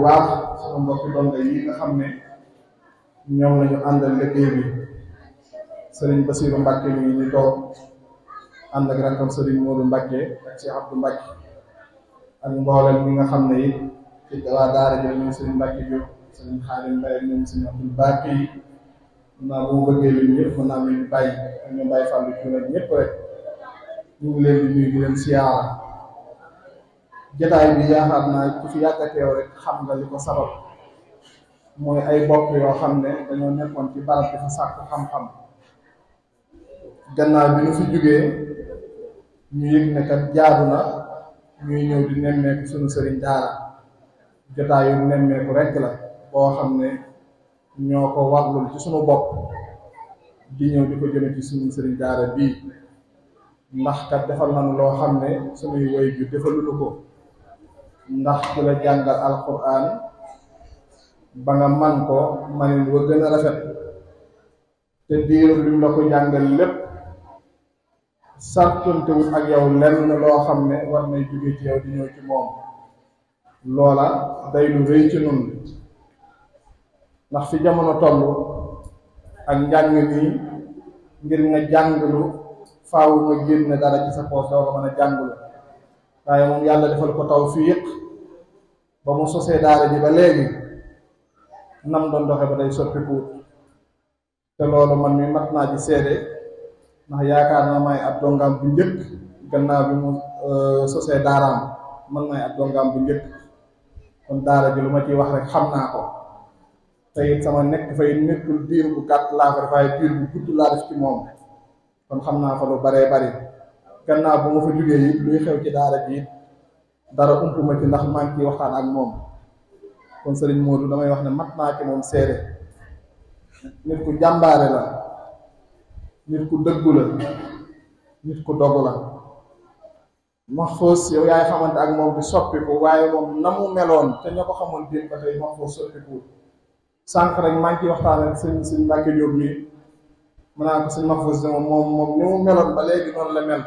bu baax sama mbokki donga yi nga xam ne ñoom lañu àndal liggéey bi sëriñ Basiiru Mbàkke mi ñu toog ànd ak rakkam sëriñ Moodu Mbàkke ak si Abdu Mbàkke ak mboolem ñi nga xam ne it ci waa a ji ñoom sëriñ Mbàkke Jóob sëriñ Xaalim Mbay ñoom sëriñ naa bu bëggee lim ñëpp mën naa leen bàyyi ak ñoom bàyyi fàllu ci rek ñu ngi leen di nuyu di leen jataay bi yaakaar naa ku fi yàgg rek xam nga li ko sabab mooy ay bokk yoo xam ne dañoo nekkoon ci barab bi fa sàkku xam-xam gannaaw bi ñu fi jugee ñu yëg ne kat jaadu na ñuy ñëw di nemmeeku sunu sëriñ daara jotaayu nemmeeku rek la boo xam ne ñoo ko warlul ci sunu bopp di ñëw di ko jëme ci sunu sëriñ daara bii ndax kat defal nañu loo xam ne sunuy woy ju defaluñu ko ndax ku la jàngal alquran ba nga man ko manin wa gën a rafet te diir lu la ko jàngal lépp sàrtuntewul ak yow lenn loo xam ne war nay jóge ci yow di ñëw ci moom loola day lu rëy ci nun ndax fi jamono toll ak njàng nii ngir nga jàngalu faaw nga génn dara ci sa poos doo ko mën a waaye moom yàlla defal ko taw tawfiq ba mu sosee daara ji ba léegi nam doon doxe ba day soppiku te loolu man mi mat naa ji seede ndax yaakaar naa may ab dongaam bu njëkk gannaaw bi mu euh, sosee daaraam man may ab dongaam bu njëkk kon daara ji lu ma ciy wax rek xam naa ko te sama nekk fay nekkul diir bu gàtt laa ko dafay diir bu gudd laa def ci moom kon xam naa ko lu baree bari gannaaw ba ma fa jugee yi luy xew ci daara ji dara umpuma ci ndax maa ngi ciy waxtaan ak moom kon sëriñ Modou damay wax ne mat naa ci moom seede nit ku jàmbaare la nit ku dëggu la nit ku dogu la Mahfouz yaay xamante ak moom di soppiku waaye moom na mu meloon te ña ko xamoon démb ba tey rek maa ngi ciy waxtaan ak sëñ sëñ Mbacke Diop mi mu naa ko sëñ Mahfouz moom moom ni mu meloon ba léegi noonu la mel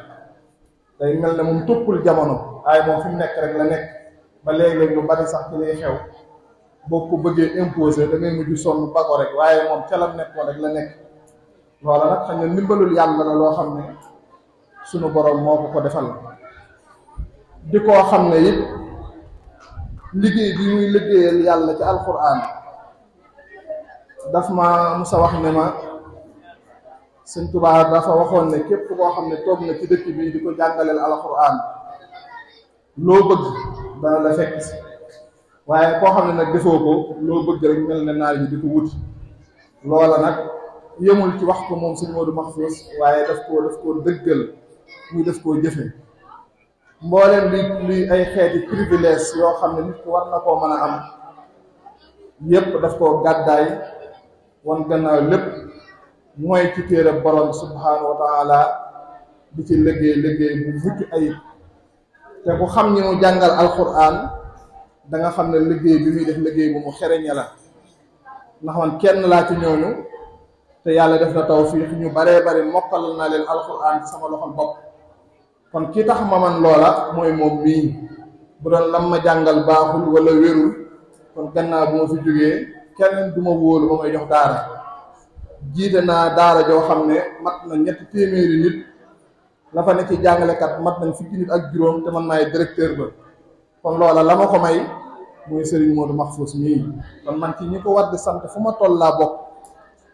day mel ne moom toppul jamono ay moom fi mu nekk rek la nekk ba léeg-léeg lu bari sax ci lay xew boo ko bëggee imposer da ngay sonn ba rek waaye moom ca la nekkoon rek la nekk loola nag xam ne ndimbalul yàlla la loo xam ne sunu boroom moo ko ko defal di koo xam ne it liggéey bi muy liggéeyal yàlla ci alquran daf ma musa wax ne ma. sëñ Tuubaa dafa waxoon ne képp koo xam ne toog na ci dëkk bi di ko jàngaleel alxuraan loo bëgg dana la fekk si waaye koo xam ne nag defoo ko loo bëgg rek mel na naar yi di ko wut loola nag yemul ci wax ko moom sëñ Moodu Maxfuus waaye daf koo daf ko dëggal muy daf koo jëfe mbooleem li luy ay xeeti privilège yoo xam ne nit ko war na koo mën a am yépp daf koo gàddaay wan gannaaw lépp mooy ci téere borom subhaanahu wa di ci liggéey liggéey bu mucc ayib te ku xam ñu mu jàngal alquran da nga xam ne liggéey bi muy def liggéey bu mu xereñe la ndax man kenn laa ci ñooñu te yàlla def na tawfiix ñu baree bari mokkal naa leen alquran sama loxol bopp kon kii tax ma man loola mooy moom mii bu doon lam ma jàngal baaxul wala wérul kon gannaaw bu ma fi jógee kenn du wóolu ba may jox daara jiite naa daara joo xam ne mat na ñett téeméeri nit la fa ne jàngalekat mat nañ fi nit ak juróom te man maay directeur ba kon loola la ma ko may mooy Serigne Modou Mahfous mii kon man ci ñi ko war sant fu ma toll laa bokk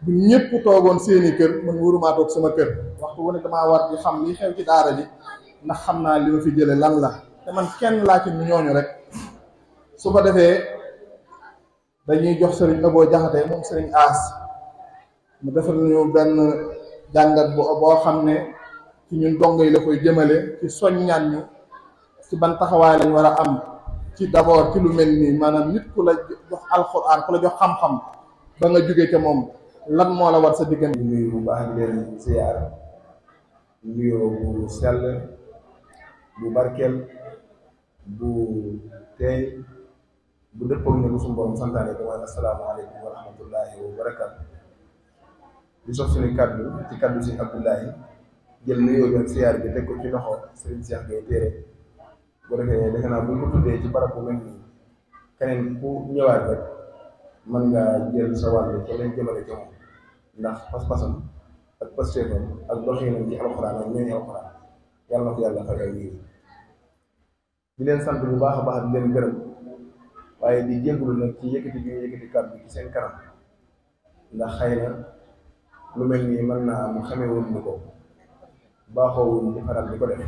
bu ñëpp toogoon seeni kër man warumaa sama kër waxtu wu ne damaa war di xam li xew ci daara ji ndax xam naa li ma fi jële lan la te man kenn laa ci nu ñooñu rek su ko defee dañuy jox Serigne Abo Jaxate moom Serigne As mu defar ñu benn jàngat bu boo xam ne ci ñun dongo yi la koy jëmale ci soññaan ñu ci ban taxawaay lañ war a am ci d'abord ci lu mel nii maanaam nit ku la jox alxuraan ku la jox xam-xam ba nga jóge ca moom lan moo la war sa diggante nuyu bu baax di leen ziyaar nuyoo bu sell bu barkeel bu tey bu dëppoog ne lu suñu borom santaane ko mooy asalaamaaleykum di sox suñu kàddu ci kàddu si Abdoulaye jël nuyoo bi ak siyaar bi teg ci loxo Serigne Cheikh Gueye téere bu defee tuddee ci barab bu mel nii keneen ku ñëwaat rek mën nga jël sa wàll ca leen jëmale ci ndax pas-pasam ak pasteefam ak doxinam ci alxuraan ak ñooñu alxuraan yàlla ko yàlla fayal yi di leen sant bu baax a baax di leen gërëm waaye di jégalu nag ci yëkkati bi ñu yëkkati kàddu ci seen kanam ndax xëy na. lu mel nii man na am xamee woon ñu ko di ko def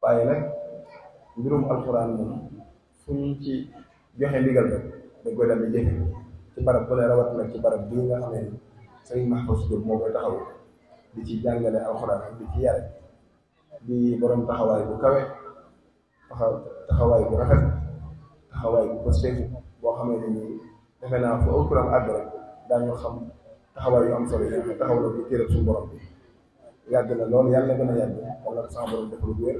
waaye nag mbirum alxuraan moom fu ñu ci joxe ni rek dañ koy daal di jëfe ci barab bu ne rawat nag ci barab bi nga xam ne sëriñ Mahfouz Diop moo koy taxaw di ci jàngale alxuraan di yare di borom taxawaay bu kawe taxaw taxawaay bu rafet taxawaay bu boo xamee ne nii defe naa foo ëpp àgg rek daañu xam. taxawaay yu am solo yi taxaw na bi na loolu yàlla gën a yàgg wala sama borom def lu wér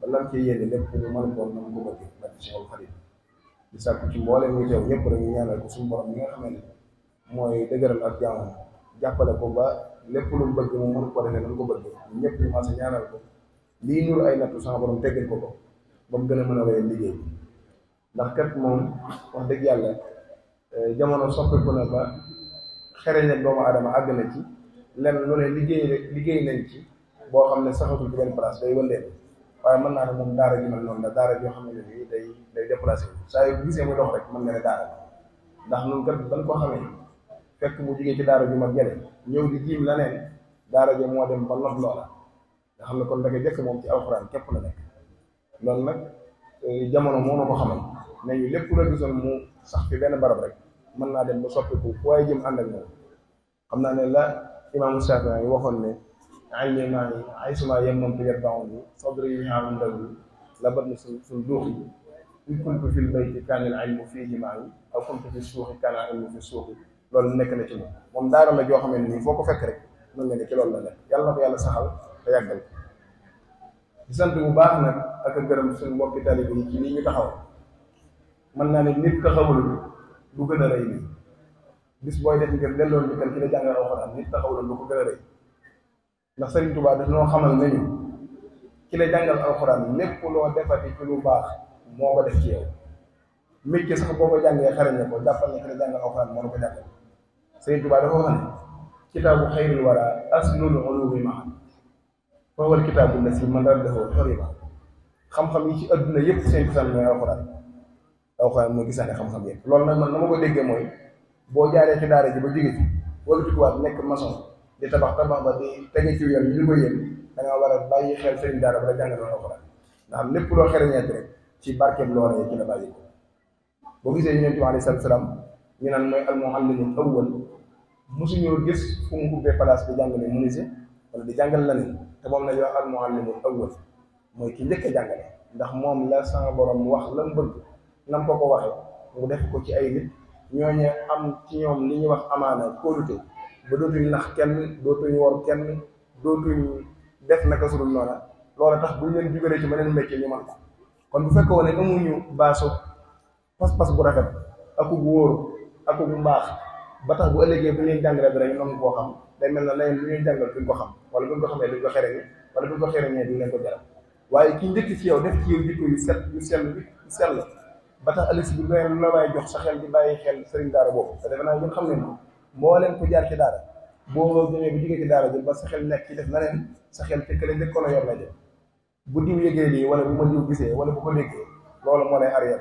ba lan cee yéene lépp pour mën koo nam ko bëgg ba ci Cheikhul Khadim di sàkku ci mboolem ko nga xam ne mooy dëgëral ak jaamam jàppale ko ba lépp lu mu bëgg mu mën ko defee nan ko bëgg ñëpp ñu mas a ñaanal ko lii nuru ay nattu sama borom ko ko ba mu gën a mën a wéy liggéey ndax kat moom wax dëgg yàlla eh, jamono soppeeku na ba xereñ nañ doomu aadama àgg na ci lenn lu ne liggéey liggéey nañ ci boo xam ne saxatul ci benn place day wëndeel waaye mën naa ne moom daara ji mel noonu la daara joo xam ne nii day day saa yu gisee muy rek mën nga ne daara ndax ñun kat ban ko xamee fekk mu jugee ci daara ju mag jële ñëw di jiim la neen daara jo moo dem ba nopp loola nga xam ne kon ndeke jëkk moom ci alxuraan képp la nekk loolu nag eh, jamono moo na ko xamal nañu lépp la gisoon mu sax fi benn barab rek man naa dem ba soppiku fu waaye jëm ànd ak moom xam naa ne la imaamu Shaafi'i yi waxoon ne ay limaa yi ay suma yem moom tëjat baaxoon bi sadri yi xaaru la bat na suñ suñ duux yi in kuntu fil bayti kaana al ilmu fiihi suuxi kaana al ilmu fi suuxi loolu nekk na ci moom moom joo xam ne nii foo ko fekk rek mën nga ne ci loolu la nekk yàlla na ko yàlla saxal te yàggal di sant bu baax na ak a gërëm suñu mbokki talibe yi ci lii ñu taxaw mën naa ne nit taxawul lu gën a rëy bi bis booy def ngir delloo ñu ki la jàngal alxuraan nit taxaw la ko gën a rëy ndax Serigne Touba daf noo xamal nañu ki la jàngal alxuraan lépp loo lu baax moo ko def ci yow métier sax boo ko jàngee xarañ ko jàppal ne ki la jàngal moo la ko jàngal Serigne Touba dafa wax ne kitaabu xayril wara aslul ulumi maa fa huwa alkitaabu xam-xam yi ci adduna yépp seen cosaan mooy alxuraan alxuraan mooy gisaane xam-xam yëpp loolu nag man na ma ko déggee mooy boo jaaree ci daara ji ba ji ci wala tukuwaat nekk maçon di tabax tabax ba di tege ci yoon li ma yéen da ngaa war a bàyyi xel sëriñ daara ba la jàngal loolu alxuraan lépp loo xereñeet rek ci barkeeb loolee ci la bàyyi ko boo gisee ñeenti alayhi salaam ñu naan mooy al muallimul awwal mosuñoo gis fu mu ubbee place di jàngale menuisier wala di jàngal leneen te moom la ñuy wax al muallimul awwal mooy ki njëkk a jàngale ndax moom la sama borom wax la mu bëgg nam ko ko waxee mu def ko ci ay nit ñooñu am ci ñoom li ñuy wax amaana kóolute ba dootuñ nax kenn dootuñu wor kenn dootuñ def naka su dul noona a tax buñ leen jugalee ci beneen métier ñu ma ko kon bu fekkoon ne amuñu baasu pas-pas bu rafet akub wóor akub mbaax ba tax bu ëllëgee bu ñuy jàngalee bi rek noonu koo xam day mel na leneen lu ñuy jàngal duñ ko xam wala buñ ko xamee duñ ko xereñe wala buñ ko xereñee duñ leen ko jaral waaye ki njëkk ci yow def ci yow jikko yu ba tax Alex bi doy na jox sa xel di bàyyi xel sëriñ daara boobu te defe naa ngeen xam ne moo boo demee bu jógee ci daara jël xel nekk ci def na sa xel fekk leen njëkkoon a yor bu diw yëgee wala bu ma diw gisee wala bu ko déggee loolu moo lay arrière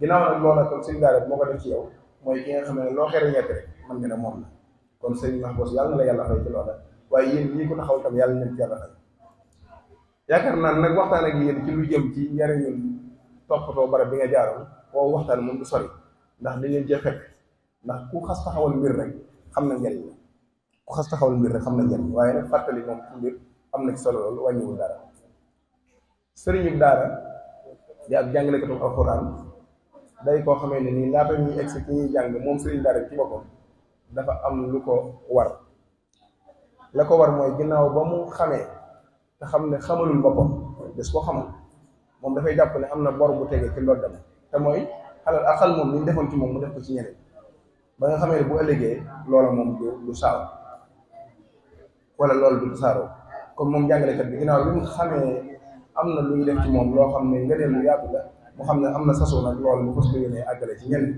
ginnaaw nag loola kon sëriñ daara moo ko def ci yow mooy ki xam ne loo xere ñett nga ne moom la kon sëriñ Mahbous yàlla na la yàlla fay ci loola waaye yéen ñii ko taxaw tam yàlla nañ ci yàlla fay yaakaar naa nag waxtaan ak yéen ci lu jëm ci njariñul toppatoo barab bi nga jaaroon woo waxtaan moom du sori ndax dañ leen cee ndax ku xas taxawal mbir rek xam na njariñ la ku xas taxawal mbir rek xam na njariñ waaye fàttali moom ci mbir am na ci solo loolu wàññiwul dara sëriñu daara di ab jàngalekatu alxuraan day koo xamee ni nii laata ñuy egg ci ñuy jàng moom sëriñu daara ci boppam dafa am lu ko war la ko war mooy ginnaaw ba mu xamee te xam ne xamalul ko des koo xamal moom dafay jàpp ne am na bor bu tegee ci ndoddam te mooy xalal ak xal moom li ñu defoon ci moom mu def ko ci ñeneen ba nga xamee ne bu ëllëgee loola moom du du saaw wala loolu du tasaaroo comme moom jàngalekat bi ginnaaw bi mu xamee am na lu ñu moom loo xam ne ngëneel lu yaatu la mu xam ne am na sasoo nag loolu mu fas ko yéenee àggale ci ñeneen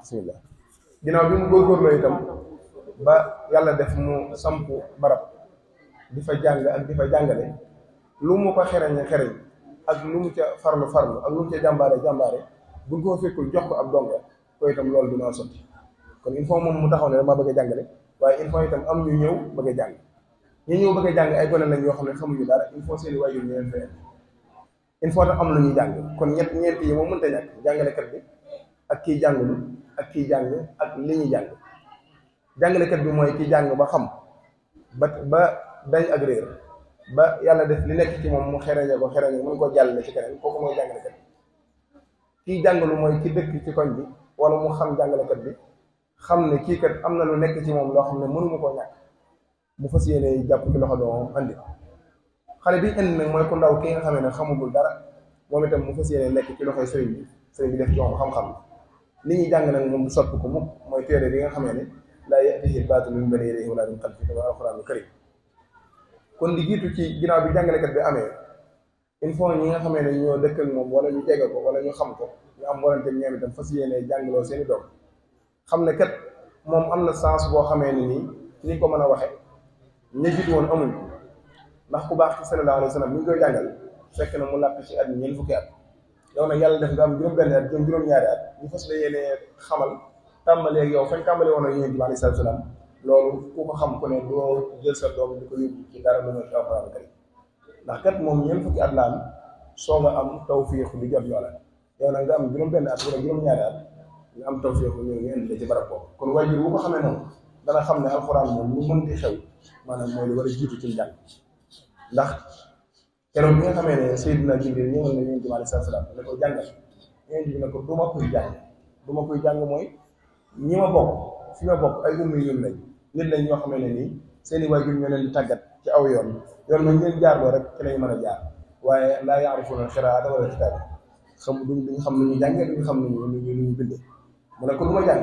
bismillah ginnaaw bi mu góorgóorloo itam ba yàlla def mu samp barab di fa jàng ak di fa jàngale lu mu ko xereñ xereñ ak nu mu ca farlu farlu ak nu mu ca jàmbaare jàmbaare buñ ko fekkul jox ko ab donga ko itam loolu du naa sotti kon il faut moom mu taxaw ne dama bëgg a jàngale waaye il faut itam am ñu ñëw bëgg a jàng ñu ñëw a jàng ay gone lañ yoo xam ne xamuñu dara il faut seeni waajur ñu leen fayal il faut tam am lu ñuy jàng kon ñett ñeent moom mënta ñàkk jàngalekat bi ak kii jàngulu ak kii jàng ak li ñuy jàng jàngalekat bi mooy kii jàng ba xam ba ba dañ ak réer ba yàlla def li nekk ci moom mu xereñe ko xereñe mu ngi ko jàllale ci keneen kooku mooy jàngalekat kii jàngalu mooy ki dëkk ci koñ bi wala mu xam jàngalekat bi xam ne kii kat am na lu nekk ci moom loo xam ne mënuma koo ñàkk mu fas yéene jàpp ci loxo doomam andi xale bi indi nag mooy ku ndaw ki nga xamee ne xamagul dara moom itam mu fas yéene nekk ci loxoy sëriñ bi sëriñ bi def ci moom xam-xam li ñuy jàng nag moom du sopp ko mukk mooy téere bi nga xamee ne laa ya'tiihi l-baatilu min bayni yadayhi laa min xalfihi wa huwa al-qur'aanul kon di jiitu ci ginnaaw bi jàngalekat bi amee infon ñi nga xamee ne ñoo dëkk ak moom wala ñu jege ko wala ñu xam ko ñu am warante ñoom itam fas yéene jàngaloo seen i doom xam ne kat moom am na sens boo xamee ne nii ni ko mën a waxee ña jiitu woon amuñ ndax ku baax ci sallallahu alayhi wa sallam mi ngi koy jàngal fekk na mu làkk ci at ñeent fukki at yow nag yàlla def nga am juróom-benn at juróom-ñaari at ñu fas la yéene xamal tàmbaleeg yow fañ tàmbale woon ak yéen bi alayhi salaam loolu ku ko xam ku ne doo jël sa doom di ko yóbbu ci dara lu muy alxuraan karim ndax te moom ñeent fukki at la am soog a am tawfiixu li jot loola am juróom-benn at am tawfiixu ñëw la kon wajur bu ko xamee noonu dana xam ne alxuraan moom lu mën di xew maanaam mooy lu war a jiitu ci njàng ndax keroog bi nga xamee ne Seydina na ñu ci alayhi salaam ne ko jàngal ñëwoon ji ko du ma koy jàng du koy jàng mooy ñi ma bokk fi ma bokk ay ummi ñun lañ nit lañ ñoo xamee ne nii seen i waajur ñoo leen tàggat ci aw yoon yoon nag ñu leen jaarloo rek ci lañ a jaar waaye laa yaarifuuna xiraata wala kitaab xam duñ duñ xam nañu jàngee duñ xam nañu lu ñu bindee mu ne ko du ma jàng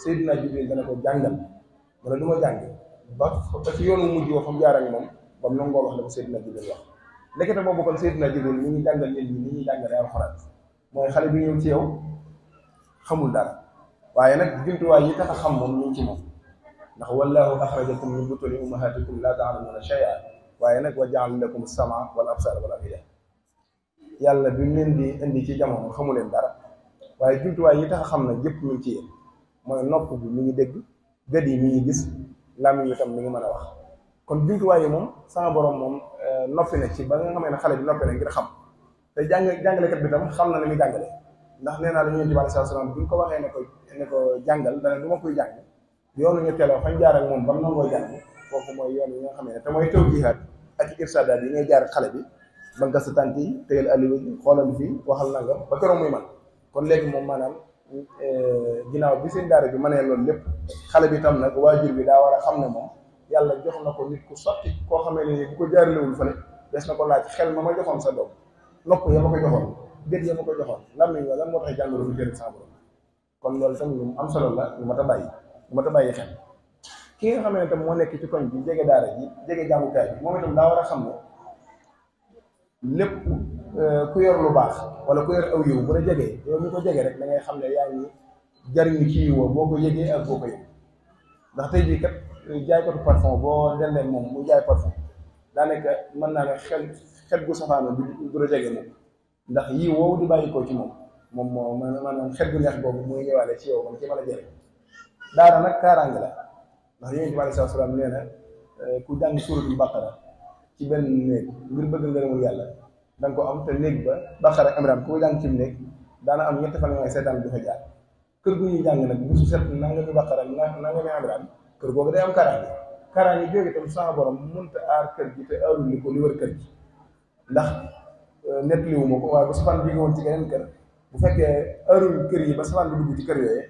Seydina Jibril dana ko jàngal mu ne du ma jàng ba ba ci yoonu mujj woo fa mu jaar moom ba mu nangoo wax la ko Seydina Jibril wax nekkete boobu kon Seydina Jibril ñu ngi jàngal nit ñi ni ñuy jàngalee alxuraan mooy xale bi ñëw ci yow xamul dara waaye nag jumtuwaay yi tax a xam moom ñu ngi ci moom ndax wallahu axrajakum min butuni ummahatikum laa taalamuuna shay'an waaye nag wa jaal lakum sama wal absar wal afida yàlla bi mu leen di indi ci jamono xamu leen dara waaye jumtuwaay yi tax xam na yëpp mi ngi ci yéen mooy nopp bi mi ngi dégg gët yi mi gis làmmiñ yi tam mi ngi mën a wax kon jumtuwaay yi moom sama borom moom euh, noppi na ci ba nga xamee ne xale bi noppi na ngir xam te jàng jàngalekat bi tam xam na ni muy jàngale ndax nee naa la ñu leen di sallallahu ñu ko waxee ne ko ne ko jàngal dana du ma koy jàng yoonu ñu teeloo fañ jaar ak moom ba mu nangoo jàng foofu mooy yoon yi nga xam ne te mooy tawjihaat ak irsaadaat yi ngay jaar ak xale bi ba nga sa tànk yi téyel aliwa ji xoolal fii waxal nangam ba keroog muy man kon léegi moom maanaam euh, ginnaaw bi seen daara bi mënee loolu lépp xale bi tam nag waajur bi daa war a xam ne yàlla jox na ko nit ku sotti koo xamee ne ku ko jaarilewul fële des na ko laaj xel ma ma joxoon sa doom nopp ya ma ko joxoon gët ya ma ko joxoon lan lañ lan moo tax jàngoro bi jëriñ sa borom kon loolu tam lu am solo la lu mat a bàyyi ma tax bàyyi xel ki nga xam ne tam moo nekk ci koñ bi jege daara ji jege jàngukaay bi moom itam daa war a xam ne lépp euh, ku yor lu baax wala ku yor aw yiw bu la jegee yow mi rek da ngay xam ne yaa ngi kii woo boo ko yëgee ak boo ko yëg ndax tey jii kat euh, jaaykatu moom mu jaay parfum daanaka mën naa ne xel xel gu safaano du du la moom ndax yii woowu di bàyyi ko ci moom moom moo maanaam xel gu neex boobu muy ñëwaale ci yow moom ci mën a jëriñ daara nag kaaraange la ndax yonent bi aleyhi salaatu salaam nee na eh, ku jàng suuratul baqara ci benn néeg ngir bëgg ngërëmul yàlla da nga ko am te néeg ba baqara ak imran ku ko jàng ci néeg daana am ñetti fan yooyu seetaan bi fa jaar kër gu ñuy jàng nag na nga ñu baqara na kër googu day am kaaraange kaaraange jóge itam sama borom mënta aar kër gi te aarul ni ko li wër kër gi ndax eh, nettaliwu ma ko waaye ba safaan jóge woon ci geneen kër bu fekkee aarul kër yi ba safaan bi dugg ci kër yooyu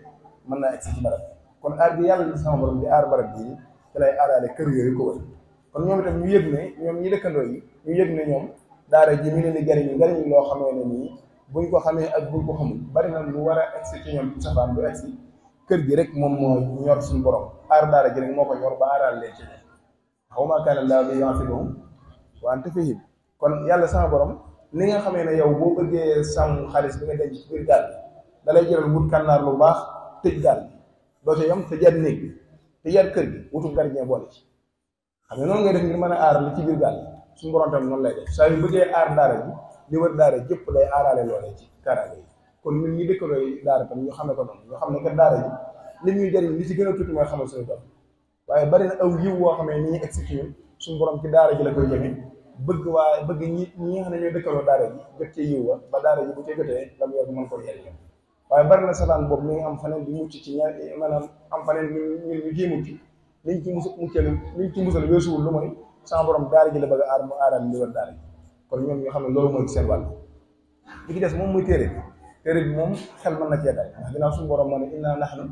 mën naa egsi ci barab kon aar bi yàlla na sama borom di aar barab bii ci lay kër yooyu ko wër kon ñoom itam ñu yëg ne ñoom ñi dëkkandoo yi ñu yëg ne ñoom daara ji mu leen di jariñu njariñ ne nii buñ ko xamee ak buñ ko xamul bari na lu war a egsi ci ñoom kër gi rek moom moo ñor suñu borom aar daara ji rek moo ko ñor ba aaraal leen ci xaw maa kaana laa kon yàlla sama borom ni nga xamee ne yow boo bëggee sàmm xaalis bi nga denc ci biir gaal da lay jëral wut kànnaar lu baax tëj gaal dootoo yam te jaar néeg bi te jaar kër gi wutum gardien boole ci xam nga noonu ngay def ngir mën a aar li ci biir gaal suñu borom tam noonu lay def saa yu bëggee aar daara ji li wër daara jëpp day aaraale loole ci kaaraange yi kon ñun ñi dëkkaloo yi daara tam ñu xamee ko noonu ñu xam ne que daara ji lim ñuy li ci gën a tuuti mooy xamal bari aw yiw woo xam ne ni ñuy exécuté borom ci daara ji la koy jëlee bëgg waa bëgg ñi ñi nga xam ne ñooy dëkkandoo daara ji jot ci yiw wa ba daara ji bu ci jotee la mu yor mën ko jëriñoo waaye bari na salaan boobu mi ngi am faneen di ci ñaar maanaam am faneen ñu ñu jéem mucc liñ ci mus muccale liñ ci musal weesuwul lu mooy sama borom daara ji la bëgg a aar mu aaral li war kon ñoom ñoo xam ne loolu mooy seen li ci des moom muy téere bi bi moom xel mën na cee dal ndax dinaa suñu borom moo ne innaa nahnu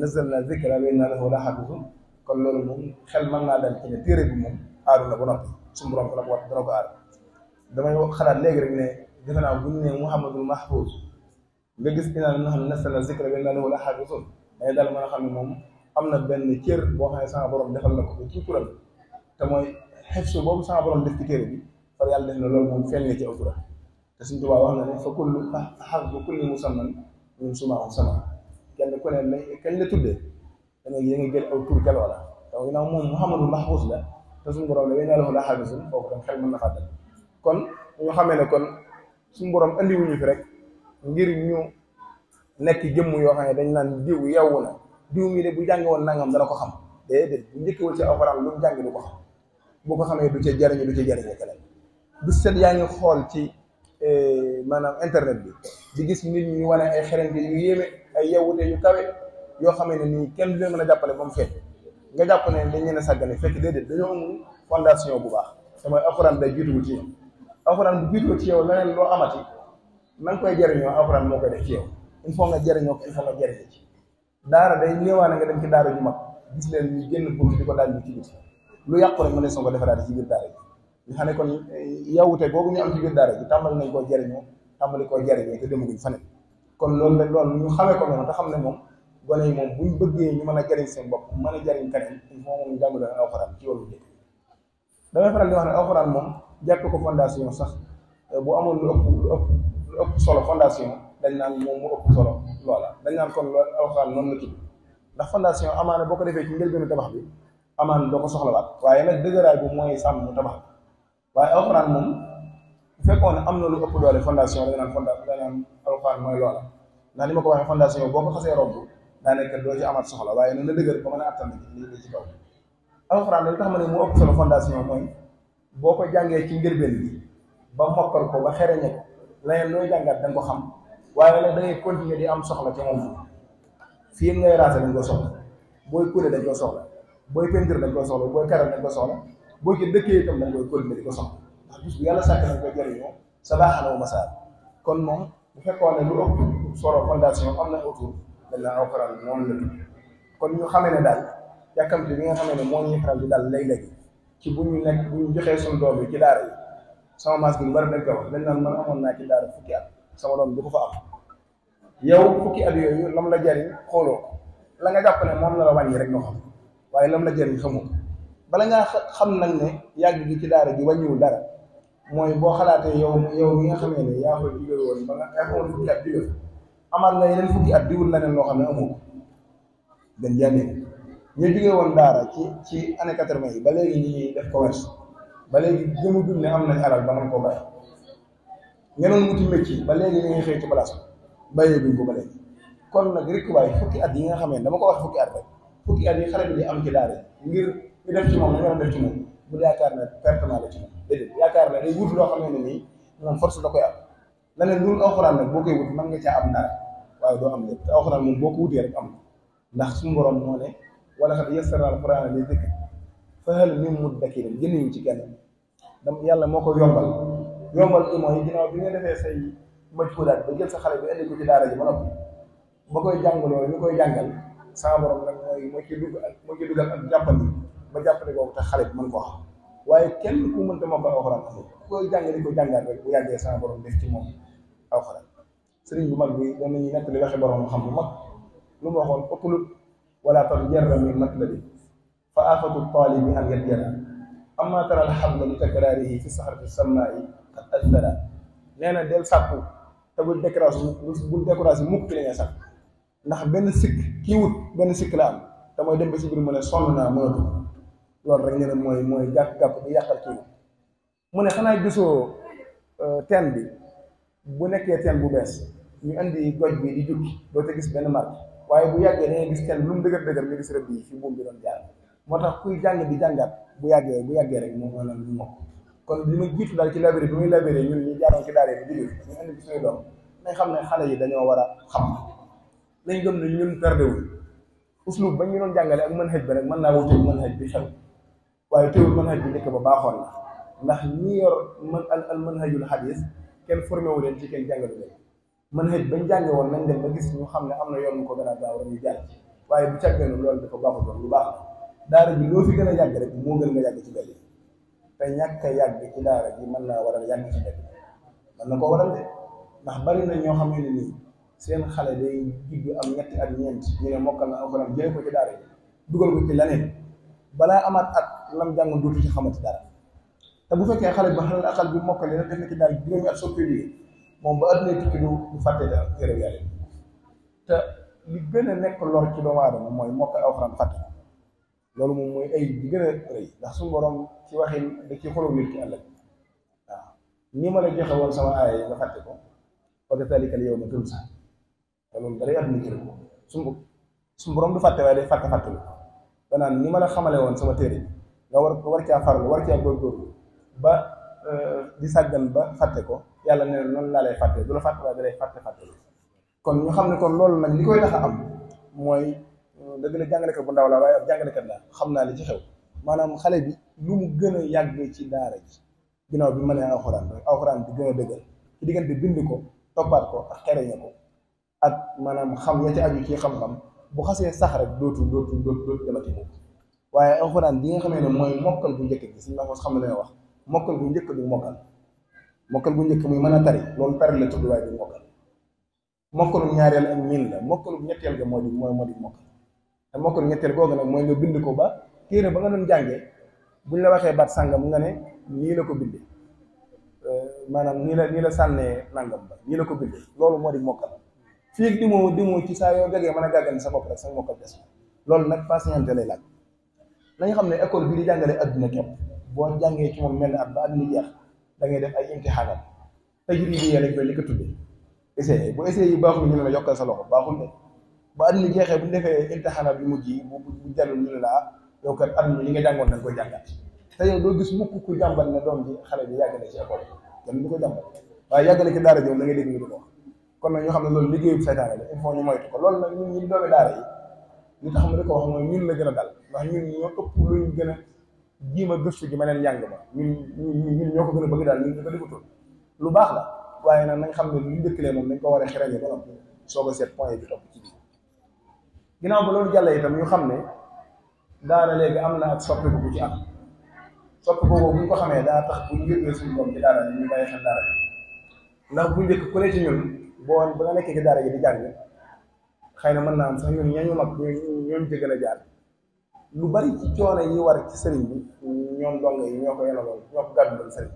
nazzalnaa zikra wa innaa lahu lahaafizuun kon loolu moom xel mën naa dal ci ne téere bi moom aaru na ba noppi suñu borom dana ko war dana ko aar damay xalaat léegi rek ne defe naa bu ñu ne Muhammadul Mahfouz nga gis inaan na nga xam ne nasala zikra bi naa wala xaar rasul dañu daal mën a xam ne moom am na benn cër boo xam ne sama borom defal na ko ci turam te mooy xefsu boobu sama borom def ci téere bi far yàlla def na loolu moom feeñ na ci aw turam te suñ tubaab wax na ne fa kullu xar bu kulli musamman ñun sumaaxum sama kenn ku ne la kañ la tuddee da ngay yéen a jël aw tur galoo la donc ginnaaw moom Muhammadul Mahfuz la te suñu borom la wéy naa la wala xaar rasul kooku tam xel mën na fàttal kon ñu xamee ne kon suñu boroom andi wuñu fi rek ngir ñu nekk jëmm yoo xam ne dañ naan diw yewwu na diw mi de bu jànge woon nangam dana ko xam déedéet bu njëkkewul ci alxuraan lu mu jàng du ko xam bu ko xamee du ca jariñu du ca jariñu keneen du set yaa ngi xool ci eh, maanaam internet bi di gis nit ñi wane ay xerante yu yéeme ay yewwute yu kawe yoo xam ne nii kenn du leen mën a jàppale ba mu fekk nga jàpp ne dañ leen a sàggane fekk déedéet dañoo amul fondation bu baax te mooy alxuraan day jiituwul ci yow alxuraan bu jiituwul ci yow leneen loo amati na nga koy jëriñoo alxuraan moo koy def ci yow il faut nga jëriñoo ko il faut nga jëriñoo ci daara day néewaane nga dem ci daara ju mag gis leen ñu génn bunt di ko daal ñu ci biti lu yàqu rek mën nañu ko defaraat ci biir daara ji nga xam ne kon eh, yawute boobu ñu am ci biir daara ji tàmbali nañ koo jëriñoo tàmbali koo jëriñoo te demaguñ fa nekk kon loolu la loolu ñu xamee ko noonu te xam ne moom gone yi moom buñ bëggee ñu mën a jëriñ seen bopp mën a jëriñ keneen il faut moom ñu jàngu leen alxuraan ci wàllu dëkk damay faral di wax ne alxuraan moom jàpp ko fondation sax eh, bu amoon lu ëpp lu ëpp lu ëpp solo fondation dañ naan moom mu ëpp solo dañ naan kon loolu alxuraan noonu ndax fondation amaana boo ko defee ci njëlbeenu tabax bi amaana doo ko waaye nag dëgëraay bi mooy sàmm mu tabax waaye alxuraan ne am na lu ëpp doole fondation dañ naan fondation dañ naan mooy loola ndax ni ko waxee fondation boo ko xasee romb daa nekk soxla waaye nag na dëgër ba mën a attan li li ci kaw alxuraan fondation mooy boo ko jàngee ci njëlbeen bi ba mokkal ko ba xereñe leneen looy jàngat da nga ko xam waaye nag da ngay continuer di am soxla ci moom fii ngay raase dañ ko soxla booy kuule dañ ko soxla booy peinture dañ ko soxla booy karal dañ ko soxla boo ci dëkkee itam dañ koy continuer ko soxla ndax bis bu yàlla sàkk nañ ko jëriñoo sa kon moom bu fekkoon ne lu ëpp solo fondation am na autour dañ la awkaral noonu la kon ñu xamee ne daal yàkkamte bi nga xamee ne moo ñuy faral di daal léeg-léeg ci bu ñu nekk bu ñu joxee suñu doom yi ci daara yi sama maas bi lu bari dañ ko wax amoon naa ci daara fukki at sama doom du ko fa am yow fukki at yooyu lam la jariñ xooloo ko la nga jàpp ne moom la la wàññi rek nga xam waaye lam la jariñ xamoo bala ngaa xam nag ne yàgg gi ci daara ji wàññiwul dara mooy boo xalaatee yow yow mi nga xamee ne yaa fa jóge woon ba nga amoon fukki at jóge amaat nga yeneen loo xam ne amoo ko dañ jànnee ñu woon daara ci ci anne quatre-vingt yi ba léegi ñi def commerce ba léegi mu gëmutul ne am na nañ alal ba nga koo bàyyi ñeneen wuti métier ba léegi ci bi bàyyee duñ ba léegi kon nag rek waaye fukki at yi nga xamee dama ko wax fukki at rek fukki at bi di am ci ngir ñu moom la ñu bu yaakaar ne perte naa la ci moom yaakaar ne day wut loo xam ne nii moom force da koy am leneen loolu alxuraan ne boo koy wut mën nga caa am dara waaye doo am ne te alxuraan moom boo ko wutee rek am ndax suñu borom moo ne wala xat yasara alxuraan li dikk fahal min muddakirin jëliñu ci kenn dam yàlla moo ko yombal yombal bi mooy ginnaaw bi nga defee say majhuulaat ba jël sa xale bi indi ko ci daara ji ba noppi ba koy jàngaloo ñu koy jàngal sama borom nag mooy moo ci dugg ak moo ci duggal ak jàppandi ba jàppandi boobu te xale bi mën koo xam waaye kenn ku mënta mokkal alxuraan amul ku koy jàng di ko jàngaat rek bu yàggee sama borom def ci moom alxuraan sëriñ bu mag bi doon nañu nekk li waxe borom xam bu mag lu ma waxoon ëpp wala tam jar na muy mat la bi fa aafatu taalibi an am amma tara alxamda li takraarihi fi saxarati sammaa'i qad asfala nee na del sàkku te bul découragé bul découragé mukk ci li ngay sàkk ndax benn sikk kii wut benn sikk la am te mooy dem ba si biir mu ne sonn loolu rek nee na mooy mooy bi yàqal kii mu ne xanaa gisoo euh, teen bi bu nekkee teen bu bees ñu indi goj bi di jukki doo te gis benn marque waaye bu yàggee da gis teen lu mu dëgër dëgër nga gis rëbb yi fi buum bi doon jaar moo tax kuy jàng di jàngaat bu yàggee bu yàggee rek moom maanaam moom mokk kon li ma jiitu daal ci labéré bi muy labéré ñun ñu jaaroon ci daaree bi jógee ñu indi ci suñu xam ne xale yi dañoo war a xam nañ gëm ne ñun perdé wuñ uslub ba ñu doon jàngale ak mën xëj ba rek mën naa wuteeg mën xëj bi xew waaye teewul mën xëj bi njëkk ba baaxoon na ndax ñi yor mën al al mën xëjul xadis kenn formé wu leen ci kenn jàngalu mën xëj bañ woon nañ dem ba gis ñu xam ne am na yoon ko gën a gaaw ñu jàng waaye bu càggee loolu dafa baaxul lu baax daal bi loo fi gën a yàgg rek moo gën nga yàgg ci mbedd te ñàkk a yàgg ci daara ji mën naa waral yàgg ci mbedd mën na koo waral ndax bari na ñoo xam ne nii xale day judd am ñetti at na alxuraan jële ko ci daara ji dugal ko ci leneen balaa amaat at lam jàng dootu ci xamati dara te bu fekkee xale bi mokkale la def na ci daal juróomi at soog koy liggéey moom ba at nekk ci du du fàtte te nekk lor ci doomu mooy mokkal alxuraan fàtte loolu moom mooy ay bi gën a rëy ndax suñu borom ci waxin da ci xolu nit ki ëllëg waaw ni ma la joxe woon sama aaya nga fàtte ko wa kadhalika al-yawma tunsa te loolu da lay at nit ki rek suñu suñu borom du danaan ni ma la xamale woon sama téere nga war war caa farlu war caa góorgóorlu ba euh, di sàggan ba fàtte ko yàlla nee na noonu laa lay fàtte du la fàtte waaye da lay fàtte fàtte kon ñu xam ne kon loolu nag li koy tax am mooy. dëgg la jàngalekat bu ndaw laa waaye ab jàngalekat naa xam naa li ci xew maanaam xale bi lu mu gën a yàggee ci daara ji ginnaaw bi ma nee alxuraan rek alxuraan bi gën a dëggal ci diggante bind ko toppaat ko ak xereñe ko ak maanaam xam ya ci aju ci xam-xam bu xasee sax rek dootul dootul dootul dootul demati ko waaye alxuraan bi nga xamee ne mooy mokkal bu njëkk bi suñu ma xam ne lay wax mokkal bu njëkk du mokkal mokkal bu njëkk muy mën a tari loolu tari la tudd waaye du mokkal mokkalum ñaareel ak miin la moo mokkal te mokkal boo googu nag mooy nga bind ko ba téere ba nga doon jàngee ñu la waxee baat sàngam nga ne nii la ko bindee euh, maanaam nii la nii la sànnee nangam ba nii la ko bindee loolu moo di mokkal fii dimoo dimoo ci saa yoo gagee mën a gàggal sa bopp rek sa mokkal des loolu nag patiente lay laaj ñu xam ne école bi di jàngale adduna képp boo jàngee ci moom mel na at ba adduna jeex dangay def ay imtixaanam tajribi lañ koy li ko tuddee essayé bu essayé yi baaxul ñu ne la yokkal sa baaxul de ba at jeexee bu ñu defee imtixaanaat bi mujj yi bu bu jàllul ñu ne laa ah yow kat at mi li nga jàngoon dañ koy jàngaat te yow doo gis mukk ku jàmbat ne ji xale bi yàgg na ci école kenn ko jàmbat waaye yàgg na ci daara joom da nga dégg ñu di kon nag ñoo xam ne loolu liggéeyu seytaane la ñu ko loolu nag ñun ñi ma di ko wax mooy ñun la gën a dal ndax ñun ñoo ëpp luñ gën a jiima gëstu ji meneen njàng ma ñun ñun ñoo ko gën a bëgg daal ñun ñu ko defutoon lu baax la waaye nag nañ xam ne lu ñu lee moom nañ ko war a xereñe ba noppi soog a seet point yi topp ci biir dinaa ba loolu jàll itam ñu xam ne daara léegi am na ak soppiku bu ci am soppiku boobu bu ñu ko xamee daa tax bu ñu yëgee suñu bopp ci ñu bàyyi xel ndax ku ne ci ba nga nekkee ci daara ji di jàng xëy na mën naa am sax ñun ñañu mag ñoom ci gën a jaar lu bari ci coono yi war ci sëriñ bi ñoom dong yi ñoo ko yenaloon ñoo ko gàddu doon sëriñ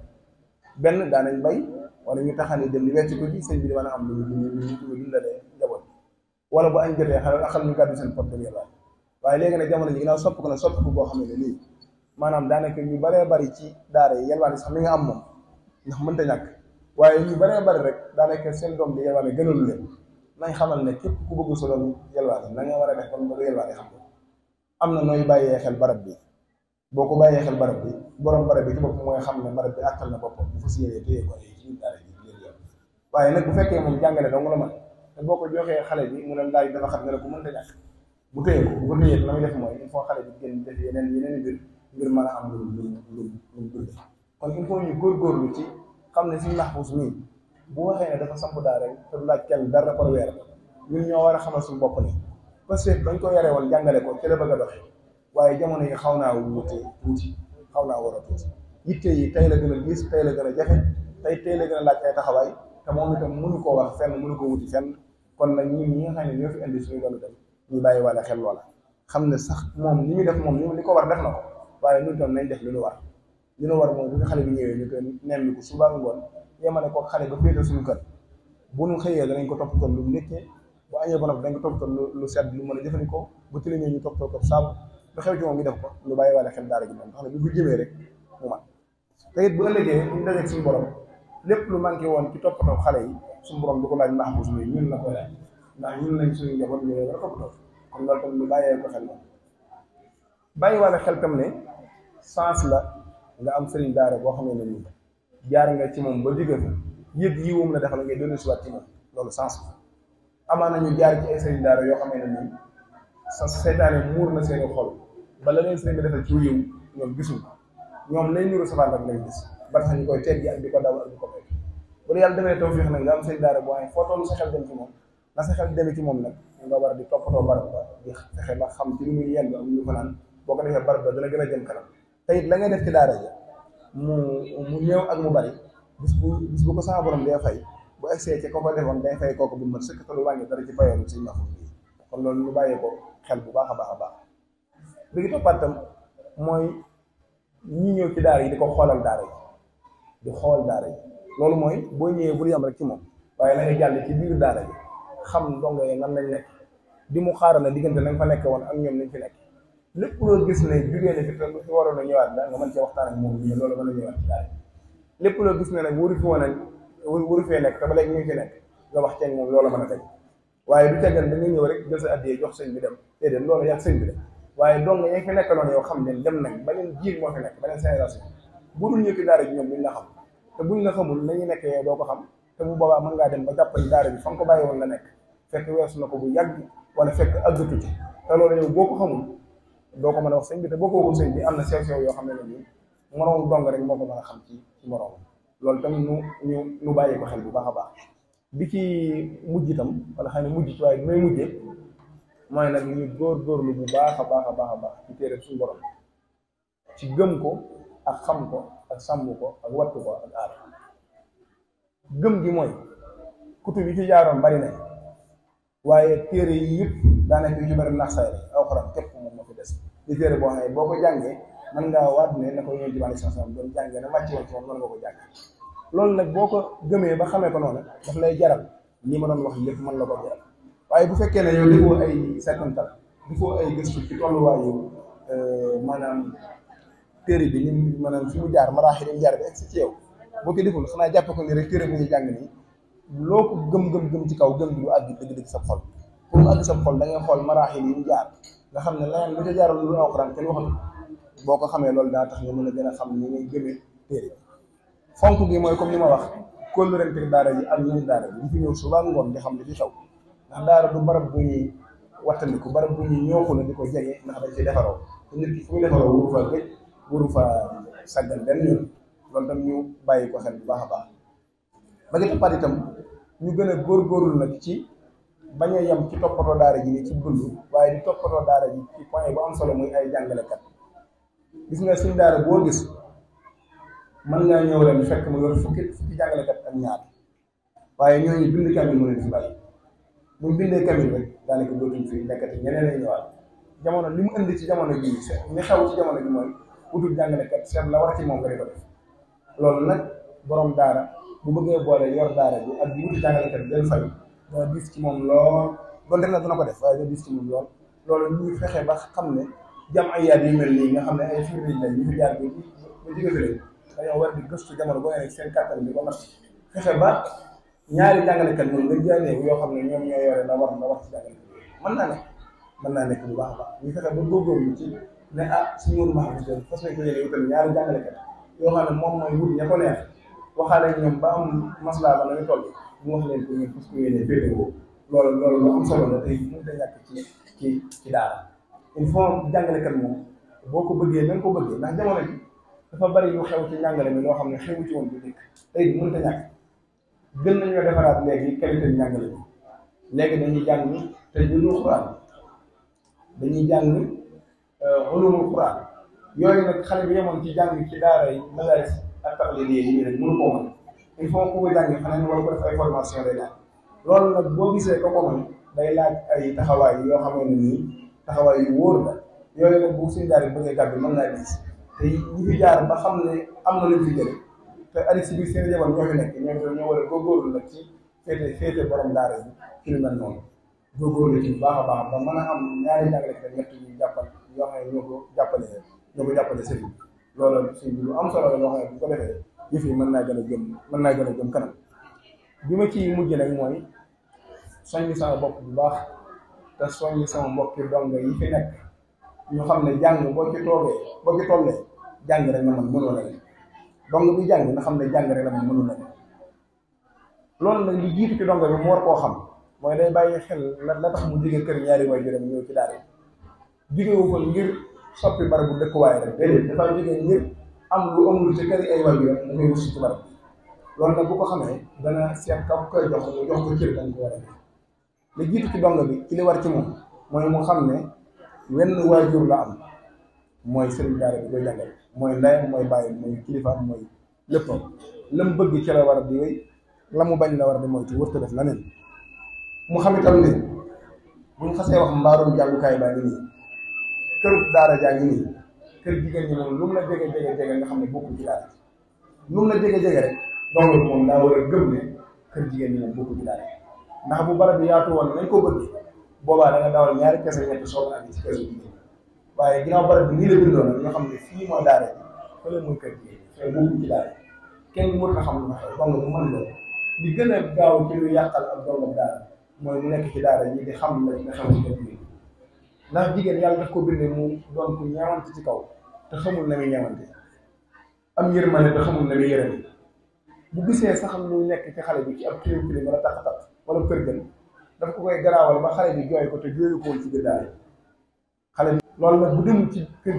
benn daanañ bay wala ñu taxani dem di wecc ko ci sëriñ bi di mën a am lu ñu lu ñu dundalee wala bu añ jotee xelal xel ñu gàddu seen pot de biir waaye léegi nag jamono ji ginnaaw sopp ko na sopp ko boo xam ne nii maanaam daanaka ñu baree bari ci daara yi yalwaane sax mi nga am moom ndax mënta ñàkk waaye ñu baree bari rek daanaka seen doom di yalwaane gënalu xamal ne képp ku bëgg sa doom na nga war a def kon ba ko am na nooy bàyyee xel barab bi boo ko bàyyee xel barab bi borom barab bi ci xam ne barab bi àttal na boppam bu ko ci daara waaye nag bu fekkee moom jàngale dong la man te boo ko joxee xale bi mu ne laaj dafa xam nga ne ko mën ta ñàkk bu téye ko bu ko def mooy il faut xale bi génn def yeneen yeneen mbir ngir mën a am lu lu lu lu lu kon il faut ñu góorgóorlu ci suñu maxfuus bu waxee ne dafa samp daara rek te laaj kenn dara par weer ñun ñoo war a xamal suñu bopp ni parce que bañ ko yaree woon jàngale ko ci la waaye jamono yi xaw naa wuute tuuti xaw naa war a tuuti yi tey la gën a gis tey la gën a jafe tey tey la gën laaj ay taxawaay te moom itam mënu koo wax fenn mënu koo wuti fenn kon nag ñun ñi nga xam ne ñoo fi indi suñu doon tey ñu bàyyi wala xel loola xam ne sax moom ni ñu def moom li ko war def na ko waaye ñun tam nañ def li ñu war li ñu war moom bu ñu xale bi ñëwee ñu koy nemmi ko suba ngoon yemale ko xale ba xëyee danañ ko toppatoo lu nekkee bu añee ba noppi dañ ko lu sedd lu mën a jëfandikoo bu tilimee ñu toppatoo ko saabu lu xew ci moom ñu def ko lu bàyyi wala xel daara ji moom xam ne bu ko jëmee rek mu mat te it bu ëllëgee ñu dajeeg suñu borom woon ci toppatoo xale yi suñu borom du ko laaj maaxuus mais ñun la ko laaj ndax ñun lañ suñu njaboot ñu war a toppatoo kon loolu tamit lu bàyyee ko xel la bàyyi wàlla xel tam ne sens la nga am sëriñ daara boo xam ne nii jaar nga ci moom ba jóge fa yëg yi woom la defal ngay dellu si waat ci moom loolu sens la amaana ñu jaar ci ay sëriñ daara yoo xam ne nii sa seytaane muur na seeni xol ba la leen sëriñ bi defal ci yow ñoom gisuñ ñoom lay niru safaan rek lañ gis ba tax ñu koy teggi ak di ko daw ak di ko bay bu la yàlla defee tawfeex nag nga am say daara bu waaye foo toll sa xel dem ci moom na sa xel demee ci moom nag xam ci li muy yendu am ñu boo ko defee barab ba dana gën a jëm kanam te la ngay def ci daara ja mu mu néew ak mu bari bis bu bis bu ko saa borom dee fay bu egsee ci ko ko defoon day fay kooku bu mën sëkk te lu wàññi dara ci fayoon si ñaxu bi kon loolu ñu bàyyee ko xel bu baax a baax a baax bi ngi toppaat mooy ñi ñëw ci daara yi di ko xoolal daara yi di xool loolu mooy boo ñëwee bul yam rek ci moom waaye na jàll ci biir daara bi xam ndongo yi nan nañ nekk di mu na diggante lañ fa nekk woon ak ñoom lañ fi nekk lépp loo gis na fi te lu fi waroon a ñëwaat la nga mën cee waxtaan ak moom ñu loolu mën a ñëwaat ci lépp loo gis ne nag waru fi woon a waru fee nekk te ba léegi ñu fi nekk wax ceeg moom loola mën a teg waaye du teggan da nga ñëw rek jël sa addiyee jox sëñ bi dem déedéet loolu yàq bi dem waaye dong yaa ngi fi nekkaloon yow xam ne dem nañ beneen jiir moo fi nekk beneen génération bu dul ñëw fi daara ji ñoom duñ la xam te buñ la xamul la ñu nekk doo ko xam te mu boobaa man ngaa dem ba jàpp ni bi fa ko bàyyi woon la nekk fekk weesu na ko bu yàgg wala fekk àggatu ci te loolu yow boo ko xamul doo ko mën a wax sëñ bi te boo ko waxul sëñ bi am na yoo xam ne ne nii moroom dong rek moo ko xam ci ci moroom loolu tam nu ñu nu bàyyi ko xel bu baax a baax bi ci mujj itam wala xam ne mujj ci waaye bi may mujjee mooy nag ñu góor-góorlu bu baax a baax a baax a baax ci téere suñu borom ci gën ko ak xam ko sàmm ko ak wattu ko ak aar gëm gi mooy kutub yi ci jaaroon bari na waaye téere yi yëpp daanaka yu ci bari naax saa yi alxuraan képp fi des di téere boo ko jàngee mën ngaa waat ne na ko ñëw ci wàllu sens doon jàngee na wàcce woon ci moom mën ko jàngee loolu nag boo ko gëmee ba xamee ko noonu daf lay jaral li ma doon wax lépp mën la ko jaral waaye bu fekkee na yow defoo ay setantal defoo ay gëstu ci tolluwaayu euh, maanaam. téere bi ñun maanaam fi mu jaar maraaxil yi jaar bi egg si ci yow boo ko deful xanaa jàpp ko ni rek téere bu ñu jàng nii loo ko gëm gëm gëm ci kaw gën bi lu àgg dëgg-dëgg sa xol pour mu àgg sa xol da ngay xool maraaxil yi mu jaar nga xam ne leneen lu ca jaaroon lu alxuraan kenn waxam boo ko xamee loolu daa tax nga mën a gën xam ni ngay gëmee téere bi fonk gi mooy comme ni ma wax kóllërante daara yi ak ñoom daara yi ñu fi ñëw suba ngoon di xam li fi xew ndax daara du barab bu ñuy wattandiku bara bu ñuy ñooxu la di ko jege ndax dañ ci defaroo te nit ki fu mu waru fa sàggal benn yoon loolu tam ñu bàyyi ko xel baax a baax ba nga toppaat itam ñu gën a góor góorgóorlu nag ci bañ a ci toppatoo daara ji ni ci dund waaye di toppatoo daara ji ci point bu am solo muy ay jàngalekat gis nga suñ daara boo gis mën ngaa ñëw leen fekk mu yor fukki fukki jàngalekat ak ñaar waaye ñu bind kamil mu leen fi bàyyi bu ñu bindee kamil rek daanaka dootuñ fi nekkati ñeneen ay ñëwaat jamono li mu indi ci jamono jii li xew ci jamono ji mooy. utul jàngalekat seen la war ci moom nga di ko def loolu nag borom daara bu bëggee boole yor daara bi ak bu utul jàngalekat bi del fay dana diis moom lool donte nag dana ko def waaye dana diis ci moom lool loolu ba xam ne jam ay yaay yu mel nii nga xam ne ay firnde lañ ñu fi ba jóge fi leen dañoo war di gëstu jamono boo nee seen bi ba mat fexe ba ñaari jàngalekat moom nga jàngee yoo xam ne ñoom ñoo yore la war la war ci jàngalekat mën naa ne a ci ne ah suñu mbiru maa ngi fas nañ ko yéene itam yoo xam ne moom mooy wut ña ko neex waxaale ak ñoom ba am maslaa ba nañu toll mu wax leen ko ñun fas ko yéene féetewoo loolu loolu lu am a ñàkk moom boo ko bëggee na ko bëggee ndax jamono bi dafa bari yu xew ci njàngale mi loo xam ne xewu ci woon bu dikk tey bi mënut a ñàkk gën nañoo defaraat léegi qualité njàngale bi léegi dañuy jàng te jëlul xuraan dañuy jàng ulumul euh, quran yooyu nag xale bi yemoon ci jàng ci daara yi madaris ak taqlid yi rek mënu koo mën il faut ku ko jàngi feneen wala ko def ay formation day daal loolu nag boo gisee ko ko mën day laaj ay taxawaay yoo xam ne nii taxawaay yu wóor la yooyu nag bu suñu daara yi bëggee gàddu mën naa gis te ñi jaar ba xam ne am na luñ fi te Aliou si biir seen jamono ñoo fi nekk ñoom ñoo war a góorgóorlu nag ci féete féete noonu góorgóorlu ci bu baax a baax ba mën a am ñaari jàngalekat ñett yoo xam ne ko jàppale ñoo ko jàppale sëriñ loolu la loo xam ne ko defee yëf yi mën naa gën a jëm mën naa gën jëm kanam bi ma ciy mujj nag mooy soññ sama bopp bu baax te soññ sama mbokki donga yi fi nekk ñu xam ne jàng boo ci toogee boo ci tollee jàng rek la man mënul a nekk dong bi jàng nga xam ne jàng rek la man mënul a nekk loolu nag li jiitu ci donga bi mu war koo xam mooy day bàyyi xel la la tax mu jógee kër ñaari waajuram ñëw ci daara jógewu ko ngir soppi barabu dëkkuwaay rek déedéet dafaa jógee ngir am lu amul ci kër ay waajuram da koy wussi ci barab loolu nag bu ko xamee dana seet ka koy ko a li jiitu ci donga bi ci li ci moom mooy mu xam ne wenn waajur la am mooy sëriñ daara bi koy jàngal mooy ndayam mooy bàyyam mooy kilifaam mooy léppam la mu bëgg ci la war a wéy la mu bañ la war a mooy moytu wërta def leneen mu xam itam ne buñ xasee wax mbaarum jàngukaay baa ngi nii këru daara jaa ngi nii kër jigéen ñi moom lu mu la jege jege nga xam ne bokkul ci daara lu mu la jege jege rek loolu a gëm jigéen ñi moom bokkul ci daara ndax bu barab bi yaatu woon nañ ko bëgg boobaa da nga dawal ñaari kese ñetti soxla ak ci kër gi waaye ginnaaw barab bi nii la bindoon nga xam ne fii mooy daara ji fële mooy kër gi fële bokkul ci daara kenn mën nga xam lu ma xew ba nga mu mën la li nekk ci daara ñi di xam la nga kër gi ndax jigéen yàlla daf ko bindee mu doon ku ñeewante ci kaw te xamul na muy ñeewante am yërmande te xamul na muy yërmande bu gisee sax lu nekk ci xale bi ci ab tilim tilim wala taxatat wala ko koy garaawal ba xale bi jooy ko te ko woon ci biir xale bi loolu nag bu demul ci kër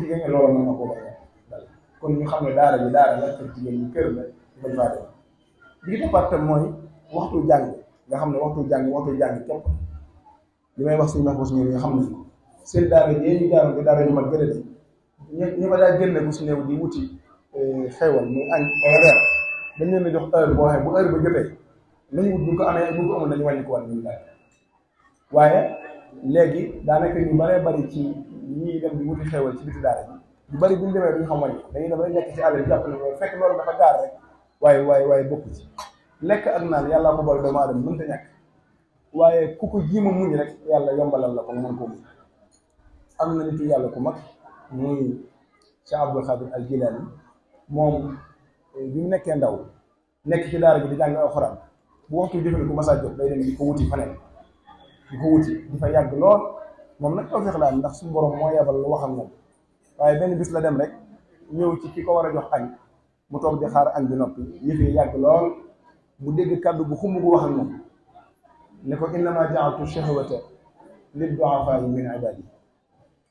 kon ñu xam ne daara bi daara la kër jigéen ñi kër la bañ faa dem mooy waxtu jàng nga xam ne waxtu jàng waxtu jàng képp li may wax suñu wax suñu nga xam ne. seen daara yee ñu jaaroon daara yu mag a ñu ñu ko daa génne bu si néew di wuti eh, xewal muy añ wala reer dañ leen di jox heure boo xam bu heure ba jotee nañu wut bu ko amee bu ko amul nañu wàññi ko wàññi ñu daal waaye ñu baree bari dem wuti xewal ci biti daara ji ñu ñu demee duñu xam dañuy dem rek nekk ci àll bi jàpp ne loolu fekk loolu dafa gaar rek waaye waaye waaye bokku ci lekk ak naan yàlla ko boole doomu aadama mënta ñàkk waaye ku ko jiima muñ rek yàlla yombalal la ko mën ko muñ am na nitu yàlla ku mag muy Cheikh Abdul Xaadir al Jilaani moom eh, bi nekkee ndaw nekk ci daara bi di jàng alxuraan bu waxtu jëfee ku masaa jot day dem di ko wuti faneen di ko wuti di fa yàgg lool moom nag tawfeex la ndax suñu borom moo yebal lu waxal moom waaye benn bis la dem rek ñëw ci ki ko war a jox añ mu toog di xaar añ bi noppi yëf yàgg lool mu dégg kàddu bu xumb gu waxal moom ne ko innama jaaltu shahwata lid duafaa min ibaadi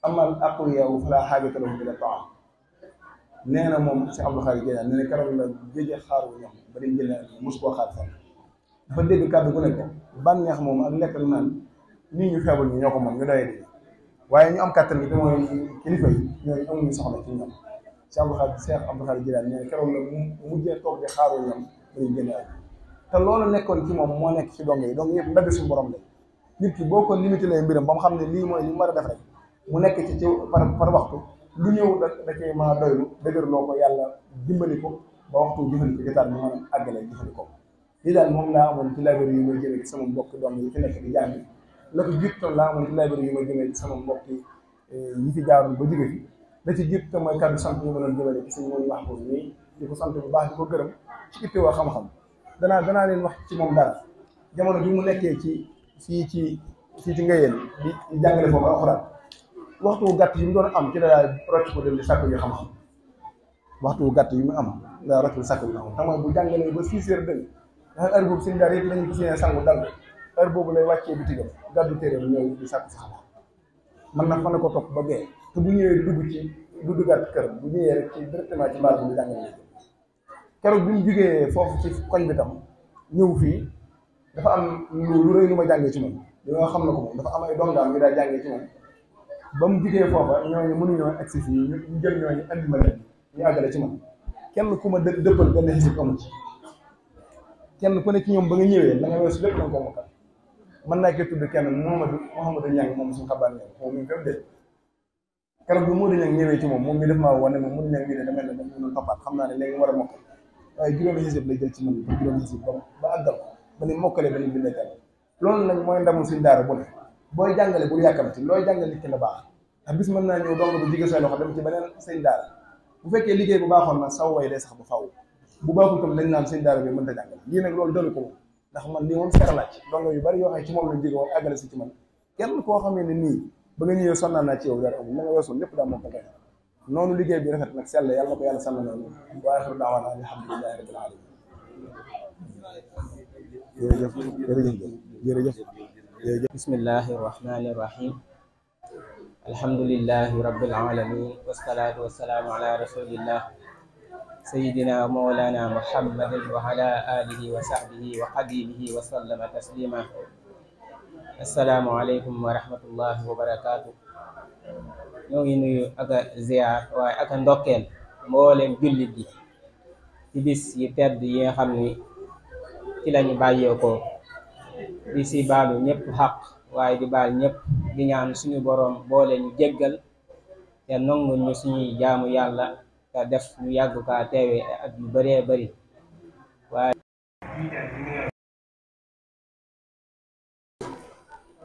amal aqwiyaa falaa xaajata lahum ila taam nee na moom si Abdou Khadre Dieng nee na keroog la géej xaaru ñoom ba dem jënd mos koo xaar fenn dafa dégg kàddu gu nekk bànneex moom ak lekk lu naan nii ñu feebul ko moom ñu waaye ñu am kàttan gi te kilifa yi ñooñu amuñu soxla ci ñoom si Abdou Khadre Cheikh Abdou Khadre Dieng nee na la mu mujjee toog di xaaru ñoom ba dem jënd te loolu nekkoon ci moom moo nekk ci dong yi donc ñëpp mbedd suñu borom la nit ki boo ko limité lay mbiram ba mu xam ne lii mooy li mu war def rek mu nekk ci ci par par waxtu lu ñëw da da cee mën a doylu dëgërloo ko yàlla dimbali ko ba waxtu jëfandiko jotaat mu mën a àggale jëfandikoo lii daal moom laa amoon ci librairie yi may jëmee ci sama mbokk doom yi fi nekk di tam laa amoon ci librairie yi may jëmee ci sama mbokk eh, yi fi jaaroon ba jóge fi la ci jiitu tam mooy sant ñu ma doon jëmale ci suñu moom wax ko nii di ko sant bu baax di ko gërëm ci ittewoo xam danaa danaa leen wax ci moom dara jamono bi mu nekkee ci fii ci fii ci ngayeen di jàngale foofu alxuraan waxtu wu gàtt yi mu doon am ci la daal rocc ko dem di sàkk ñu xam-xam waxtu wu gàtt yi mu am daa rocc sàkk ñu xam-xam xam bu jàngalee ba six heures dëgg dafa heure boobu seen dal heure boobu lay wàccee bitigam gàddu téere bu ñëw di sàkk si xam-xam man nag mën na ko topp ba gee te bu ñëwee dugg ci du duggaat kër bu ñëwee rek ci directement ci mbaar bu mu jàngalee keroog bi mu jugee foofu ci koñ bi tam ñëw fii dafa am lu rëy lu ma jàngee ci moom li nga xam na ko moom dafa am ay dongaam bi daa jàngee ci moom ba mu jugee foofa ñooñu mënuñoo agsi fii ñu jël ñooñu andi ma leen ñu àggale ci moom kenn ku ma dë dëppal benn xisib amu ci kenn ku ne ci ñoom ba nga ñëwee la nga weesu lépp da nga ko mokkal mën naa moom suñu xabaar ñëw moom mi fépp de keroog bi Mouhamadou Niang ñëwee ci moom moom mi def maa xam naa ne léegi a mokkal waaye juróomi xisib la jël ci man juróomi xisib ba loolu nag mooy ndamu suñ daara bu ne booy jàngale bu yàkkamti looy jàngale nit ki na baax ndax bis mën naa ñëw dong bu jige say loxo dem bu fekkee liggéey bu baaxoon nag saw way day sax bu faw bu baaxul tam dañ naan sëñ daara bi mën ta jàngale lii nag loolu donu ko moom ndax man lii moom seeralaaj dong yu bari yoo xam ne ci moom lañ jóge woon àggale si ci man kenn koo xamee ne nii ba nga ñëwee sonnaan naa ci yow dara amul na nga weesoon lépp daa moom ko ngay noonu liggéey bi rafet nag sell yàlla na ko yàlla sànn noonu waaye xar daawaana alhamdulilahi rabbil alamin jërëjëf jërëjëf jërëjëf bismillahi irrahmani irrahim alhamdulilahi rabbil alamin wasalaatu wasalaamu ala rasulillah sayidina mawlana muhammadin wa ala alihi wa sahbihi wa qadimihi wa sallama taslima assalaamu aleykum wa rahmatullahi wa barakaatu ñoo ngi nuyu ak a ak a ndokkeel mbooleem jullit gi ci yi tedd yi nga xam ni ci lañu di si baalu ñëpp xaq waaye di baal ñëpp di ñaan suñu boroom boole ñu jéggal te nongu ñu suñuy jaamu yàlla te def ñu yàgg kaa teewe at yu bëree bëri waaye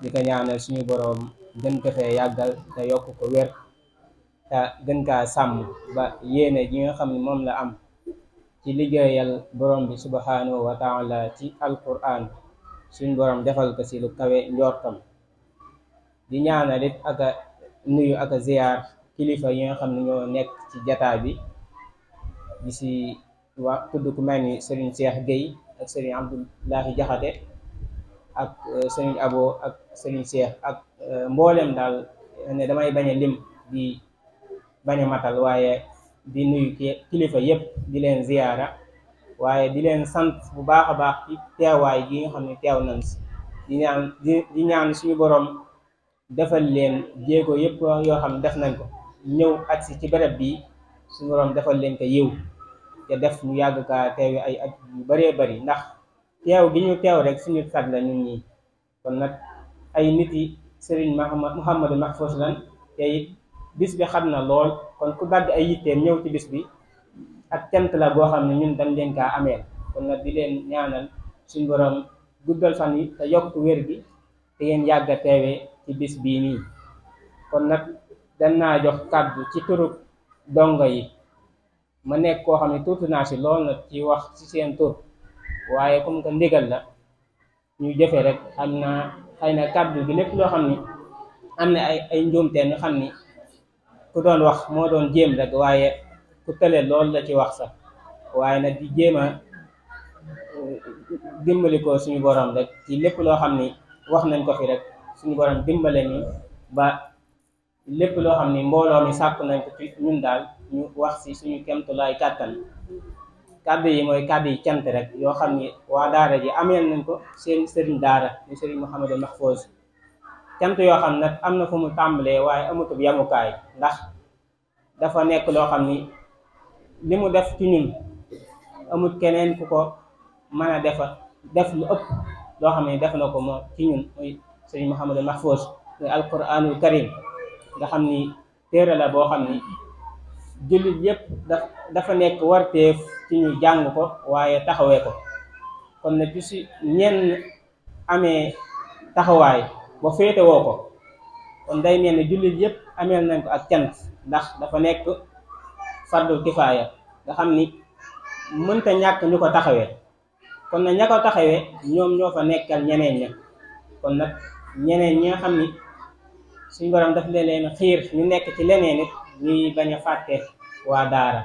di ñaanal suñu boroom gën ko fee yàggal te yokk ko wér te gën kaa sàmm ba yéene ji nga xam ne moom la am ci liggéeyal borom bi subhanahu wa ci alquran suñ borom defal ko si lu kawe njortam di ñaanal it ak nuyu ak ziyaar kilifa yi nga xam ne ñoo nekk ci jataa bi di si wax tudd ku mel ni Serigne Cheikh Gueye ak Serigne Abdoulahi Jaxate ak euh, Serigne Abo ak Serigne Cheikh ak euh, mboolem daal ne damay bañ a lim di bañ matal waaye di nuyu kilifa yépp di leen ziyaara waaye di leen sant bu baax a baax ci teewaay gi nga xam ne teew nañ si di ñaan suñu boroom defal leen jéego yëpp yoo xam ne def nañ ko ñëw agsi ci béréb bii suñu borom defal leen ko yiw te def mu yàgg ka teew ay at yu baree bari ndax teew gi ñu teew rek suñu sag la nii kon nag ay nit yi sëriñ Mouhamadou Mahfouz lan te it bis bi xam na lool kon ku dagg ay yitteem ñëw ci bis bi ak cant la boo xam ne ñun dañ leen kaa ameel kon nag di leen ñaanal suñ borom guddal fan yi te yokk wér gi te ngeen yàgg teewee ci bis bii nii kon nag dan naa jox kàddu ci turub dongo yi ma nekk koo xam ne tuuti naa si lool nag ci wax ci seen tur waaye comme que ndigal la ñu jëfe rek xam naa xëy na kàddu bi lépp loo xam ni am na ay ay njuumte ñu xam ni ku doon wax moo doon jéem rek waaye ku tële loolu la ci wax sax waaye nag di jéem uh, dimbali ko suñu boroom rek ci lépp loo xam ni wax nañ ko fi rek suñu borom dimbale nii ba lépp loo xam ni mbooloo mi sàkk nañ ko ci ñun daal ñu wax si suñu kemtulaay kàttan kàddu yi mooy kàddu yi cant rek yoo xam ni waa daara ji amee nañ ko seen sëriñ daara ñu sëriñ Mouhamadou Mahfouz cant yoo xam nag am na fu mu tàmbalee waaye amatul yamukaay ndax dafa nekk loo xam ni li mu def ci ñun amul keneen ku ko mën a defar def lu ëpp loo xam ne def na ko moo ci ñun muy sëñ Mouhamadou Mahfouz muy alquranul karim nga xam ni téere la boo xam ni jullit yëpp daf dafa nekk warteef ci ñu jàng ko waaye taxawee ko kon ne ci si ñenn amee taxawaay ba fetewoo ko kon day mel ne jullit yëpp ameel nañ ko ak cant ndax dafa nekk fardul kifaaya nga xam ni mënta ñàkk ñu ko taxawee kon na ña taxawee ñoom ñoo fa nekkal ñeneen ña kon nag ñeneen ñi nga xam ni suñu borom daf leen xiir ñu nekk ci leneen it ñuy bañ a fàtte waa daara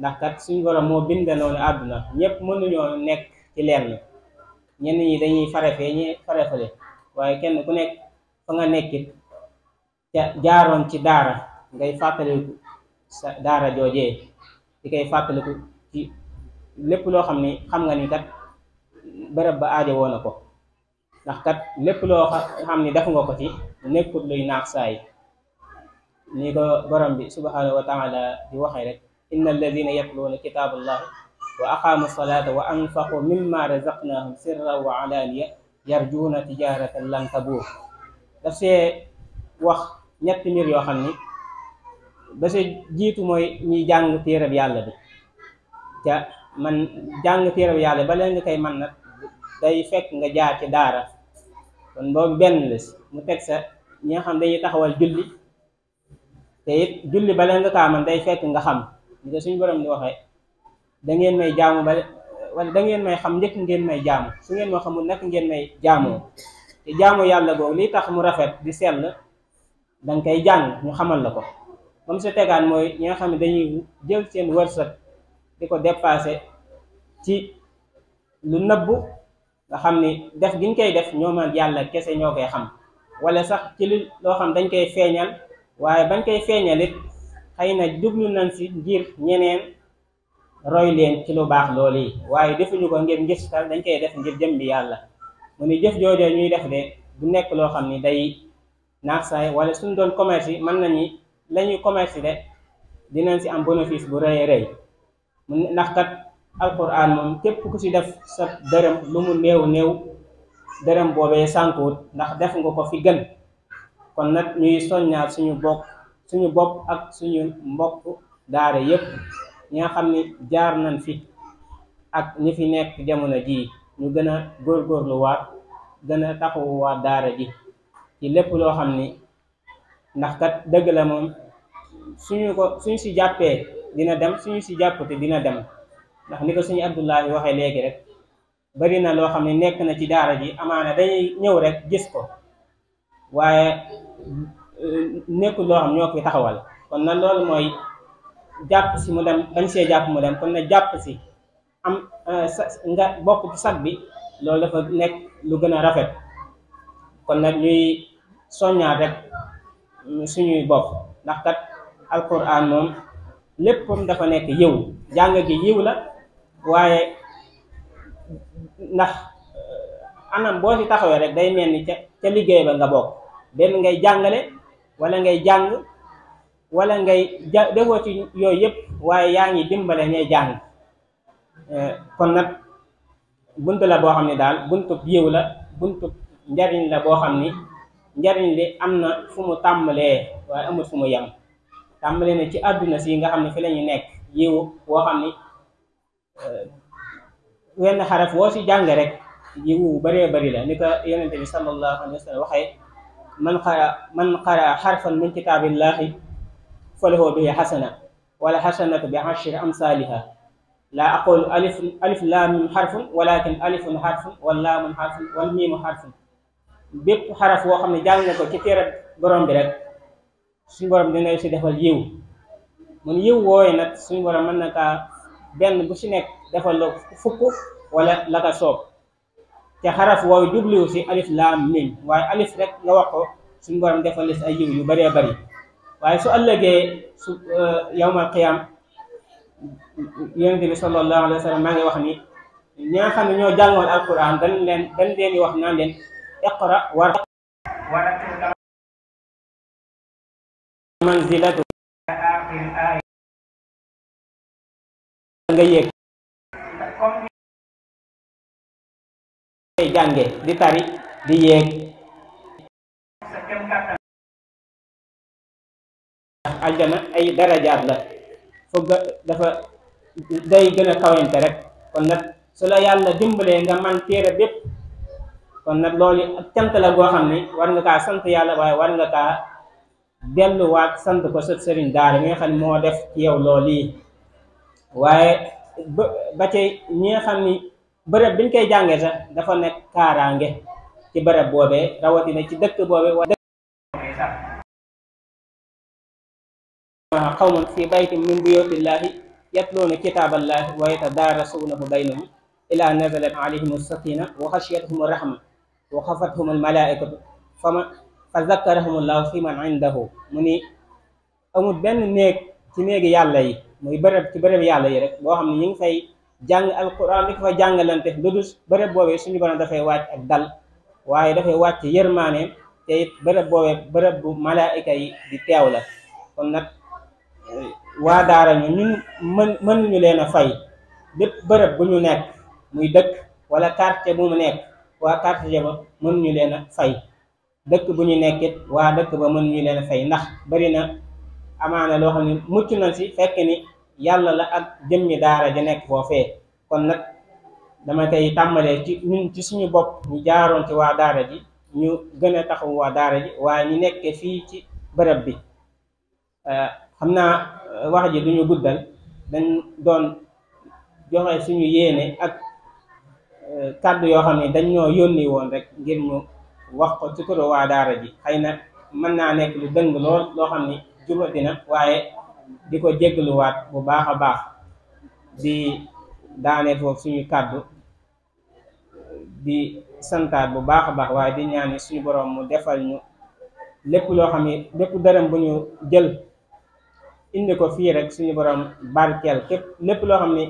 ndax kat suñu borom moo bind noonu àdduna ñëpp mënuñoo nekk ci lenn ñenn ñi dañuy farefee ñi farefale waaye kenn ku nekk fa nga nekkit ca jaaroon ci daara ngay fàttaliku daara joojee di koy fàttaliku ci lépp loo xam ni xam nga ni kat bërëb ba aajo woon ko ndax kat lépp loo xam ni def nga ko ci nekkut luy naax saay ni ko borom bi subhaanahu wa taala di waxee rek inna alladina yatluuna kitaaballah wa aqaamu salaata wa anfaqu mimma razaqnahum sirran wa alaaniya yarjuuna tijaratan lan tabuur ci see wax ñetti mir yoo xam ni ba sa jiitu mooy ñuy jàng téereb yàlla bi ca man jàng téereb yàlla ba leen nga koy man nag day fekk nga jaar ci daara kon boobu benn la mu teg sa ñi nga xam dañuy taxawal julli te it julli ba nga kaa man day fekk nga xam ñu ko suñu borom di waxee da ngeen may jaamu ba wala da may xam njëkk ngeen may jàmm su ngeen ma xamul nekk ngeen may jaamoo te jaamu yàlla boobu liy tax mu rafet di sell danga koy jàng ñu xamal la ko ba mu si tegaat mooy ñi nga xam ne dañuy jël seen wërsëg di ko dépassé ci lu nëbbu nga xam ni def giñ koy def ñoom ak yàlla kese ñoo koy xam wala sax ci loo xam dañ koy feeñal waaye bañ koy feeñal it xëy na jublu nañ si ngir ñeneen roy leen ci lu baax loolu yi waaye defuñu ko ngir ngis tal dañ koy def ngir jëm bi yàlla mu ni jëf joojoo ñuy def de du nekk loo xam ni day naax saay wala suñ doon commerce yi mën nañu lañuy ñuy commerce de dinañ si am bénéfice bu rëy rëy mu ndax kat alquran moom képp ku ci def sa dërëm lu mu néew néew dërëm boobee sànkuwut ndax def nga ko fi gën kon nag ñuy soññaat suñu bokk suñu bopp ak suñu mbokk daara yépp ñi xam ni jaar nañ fi ak ñi fi nekk jamono jii ñu gën a góorgóorluwaat gën a taxawuwaat daara ji ci lépp loo xam ni ndax kat dëgg la moom suñu ko suñu si jàppee dina dem suñu si jàppate dina dem ndax ni ko suñu Abdullahi waxee léegi rek bari na loo xam ne nekk na ci daara ji amaana day ñëw rek gis ko waaye euh, nekkul loo xam ñoo koy taxawal kon na loolu mooy jàpp si mu dem bañ see jàpp mu dem kon na jàpp si am euh, sa nga bokk ci sag bi loolu dafa nekk lu gën a rafet kon nag ñuy soññaat rek suñuy bopp ndax kat alquran moom léppam dafa nekk yiw jàng gi yiw la waaye ndax eh, anam boo ci taxawee rek day mel ni ca ca liggéey ba nga bokk benn ngay jàngale walla ngay jàng wala ngay ja defoo ci yooyu yëpp waaye yaa ngi dimbale ñay jàng eh, kon nag bunt la boo xam ne daal buntub yiw la buntub njariñ la boo xam ni njariñ li am na fu mu tàmbalee waaye amul fu mu yem tàmbalee na ci àdduna si nga xam ne fi la nekk yiw woo xam ni eh, wenn xaraf woo si jàng rek yiw wu baree bari la ni ko yonente bi sallallahu alayhi wa man xara man xara xarfan min kitaabillahi falahu bihi xasana wala xasanatu bi ashri amsaaliha laa aqulu alif alif laamun xarfun walakin alifun xarfun wal laamun xarfun bépp xaraf woo xam ne jàng nga ko ci téere borom bi rek suñu borom dina si defal yiw mun yiw wooye nag suñu borom mën na kaa benn bu si nekk defal la fukk walla la ka soob te xaraf wooyu jubliwu si alif laam mim waaye alif rek nga wax ko suñu borom defal la ay yiw yu bëree bëri waaye su ëllëgee su euh, yawmal qiyaam yonent bi sallallahu alayhi wa sallam wax ni ñi nga xam ne ñoo jàngoon alquran dañ leen dañ leen di wax naan leen iqra war manzilatu nga yéeg jànge di tari di yéeg ay darajaat la foog dafa day gën a rek kon nag su la yàlla dimbalee nga man téere bépp kon nag loolu ak cant la goo xam ne war nga kaa sant yàlla waaye war nga kaa delluwaat sant ko sa sëriñ daara mi nga xam ne moo def ci yow loolu yi waaye ba ba tey ñi nga xam ni bërëb biñ koy jànge sax dafa nekk kaaraange ci bërëb boobee rawatina ci dëkk boobee wa qawmun fi baytin min buyutillahi yatluuna kitaaballahi wa yatadaarasuunahu baynahum ilaa nazalat alayhim as-sakiina wa xashiyatuhum rahma wa xafathum almalaikatu fama fa zakkarahum allahu fi man indahu mu ni benn néeg ci néegi yàlla yi muy bërëb ci bërëb yàlla yi boo xam ne ñu ngi fay jàng alquran di ko fa jàngalante lu dul bërëb boobee suñu borom dafay wàcc ak dal waaye dafay wàcc yërmaane te it bu malaayika di teew la kon nag waa daara ñu mën mënuñu leen a fay bépp bërëb bu ñu nekk muy dëkk wala quartier bu mu nekk waa carte jaba mën ñu leen a fay dëkk bu ñu nekkit waa dëkk ba mën ñu leen fay ndax bari na amaana loo xam mucc na ci fekk ni yàlla la ak jëmmi daara ja nekk foofee kon nag dama tey tàmbalee ci ñun ci suñu bopp ñu jaaroon ci waa daara ji ñu gën a taxaw waa daara ji waaye ñu nekkee fii ci bërëb bi euh, xam naa euh, wax ji duñu guddal dañ doon joxe suñu yéene ak kàddu yoo xam ne dañ ñoo yónni woon rek ngir mu wax ko ci kuro waa daara ji xëy na mën naa nekk lu dëng lool loo xam ne juba dina waaye di ko jégaluwaat bu baax a baax di daane foofu suñu kàddu di santaat bu baax a baax waaye di ñaani suñu boroom mu defal ñu lépp loo xam ne lépp dërëm bu ñu jël indi ko fii rek suñu borom barkeel képp lépp loo xam ne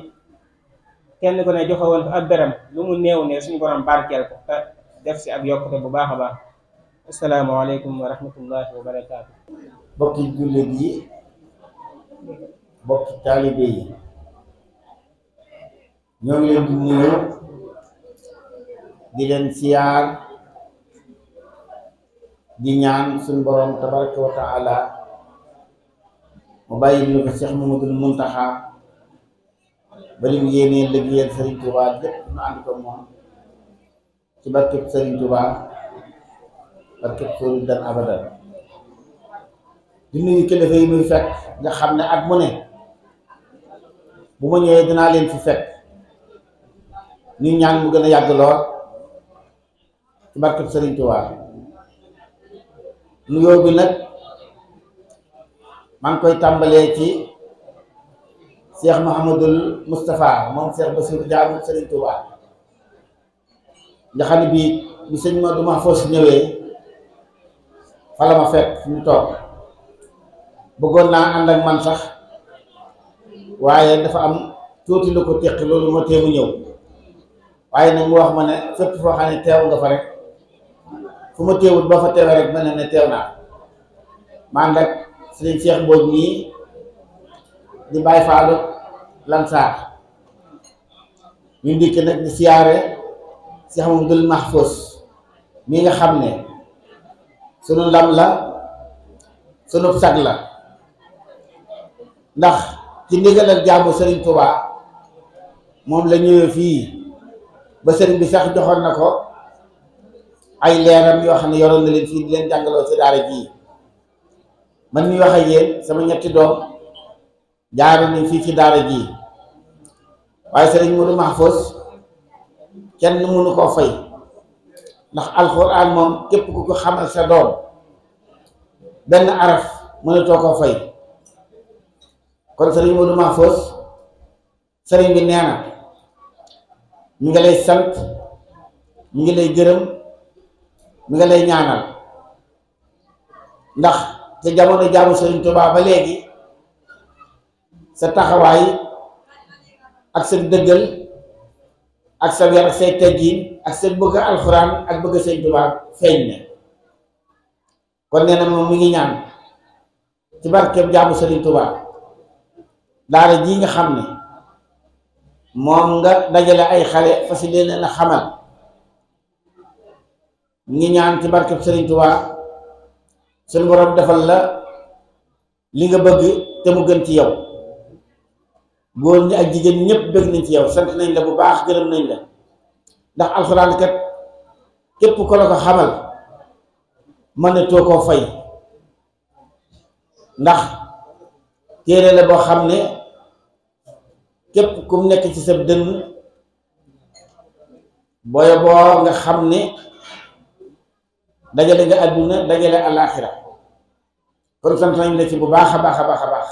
kenn ku ne joxe ak dërëm lu mu néew ne suñu borom barkeel ko def si ak yokkute bu baax a baax asalaamaaleykum wa rahmatullahi wa bokki jullit yi bokki taalibe yi ñoo ngi leen di nuyu di siyaar di ñaan suñu borom tabaraka wa mu bàyyi ñu ko Cheikh Mamadul Muntaxa ba lim yéenee liggéeyal Serigne Touba lépp nu ànd ko moom ci barkeb Serigne Touba barkeb Serigne dan abadan di kilifa yi muy fekk nga xam ne at mu ne bu ma ñëwee dinaa leen fi fekk ñu ñaan mu gën a yàgg lool ci barkeb Serigne Touba nuyoo bi nag maa ngi koy tàmbalee ci. Cheikh Mouhamadul Moustapha moom Cheikh Bassirou Diagne Serigne Touba nga xam ne bii bi sëñ Modou Mahfouss ñëwee fa la ma fekk fu toog bëggoon naa ànd ak man sax waaye dafa am tuuti lu ko teq loolu moo teemu ñëw waaye nag mu wax ma ne fépp foo xam ne teew nga fa rek fu ma teewut ba fa teewee rek ma ne ne teew naa ma rek sëñ Cheikh Mbodj nii di bàyyi faalu lansaar ñu ndikk nag di siyaare si Axmadul foos mi nga xam ne sunu ndam la sunu sag la ndax ci ndigal ak jaamu Sëriñ Tuubaa moom la ñëwee fii ba sëriñ bi sax joxoon na ko ay leeram yoo xam ne yoroon na leen fii di leen jàngaloo si daara jii man mi wax ak yéen sama ñetti doom jaare ni fii ci daara jii waaye sëriñ Modou Mahfouz kenn mënu koo fay ndax alxuraan moom képp ku ko xamal sa doom benn araf mënatoo koo fay kon sëriñ Modou Mahfouz sëriñ bi nee mu mi lay sant mu ngi lay gërëm mu nga lay ñaanal ndax te jamono jaamu sëriñ Tuubaa ba léegi sa taxawaay ak sa dëggal ak sa yar ak say teggiin sa bëgg alxuraan ak bëgg Sëñ Tuubaa feeñ na kon nee moom mu ngi ñaan ci barkeb jaamu Sëriñ Tuubaa daara ji nga xam ne moom nga dajale ay xale fas leen a xamal ngi ñaan ci barkeb Sëriñ Tuubaa suñu borom defal la li nga bëgg te mu gën ci yow góor ñi ak jigéen ñëpp bëgg nañ ci yow sant nañ la bu baax gërëm nañ la ndax alxuraan kat képp ko la ko xamal mën na too koo fay ndax téere la boo xam ne képp ku nekk ci sa dënn booy boo nga xam ne dajale nga àdduna dajale alaaxira kon sant nañ la ci bu baax a baax a baax a baax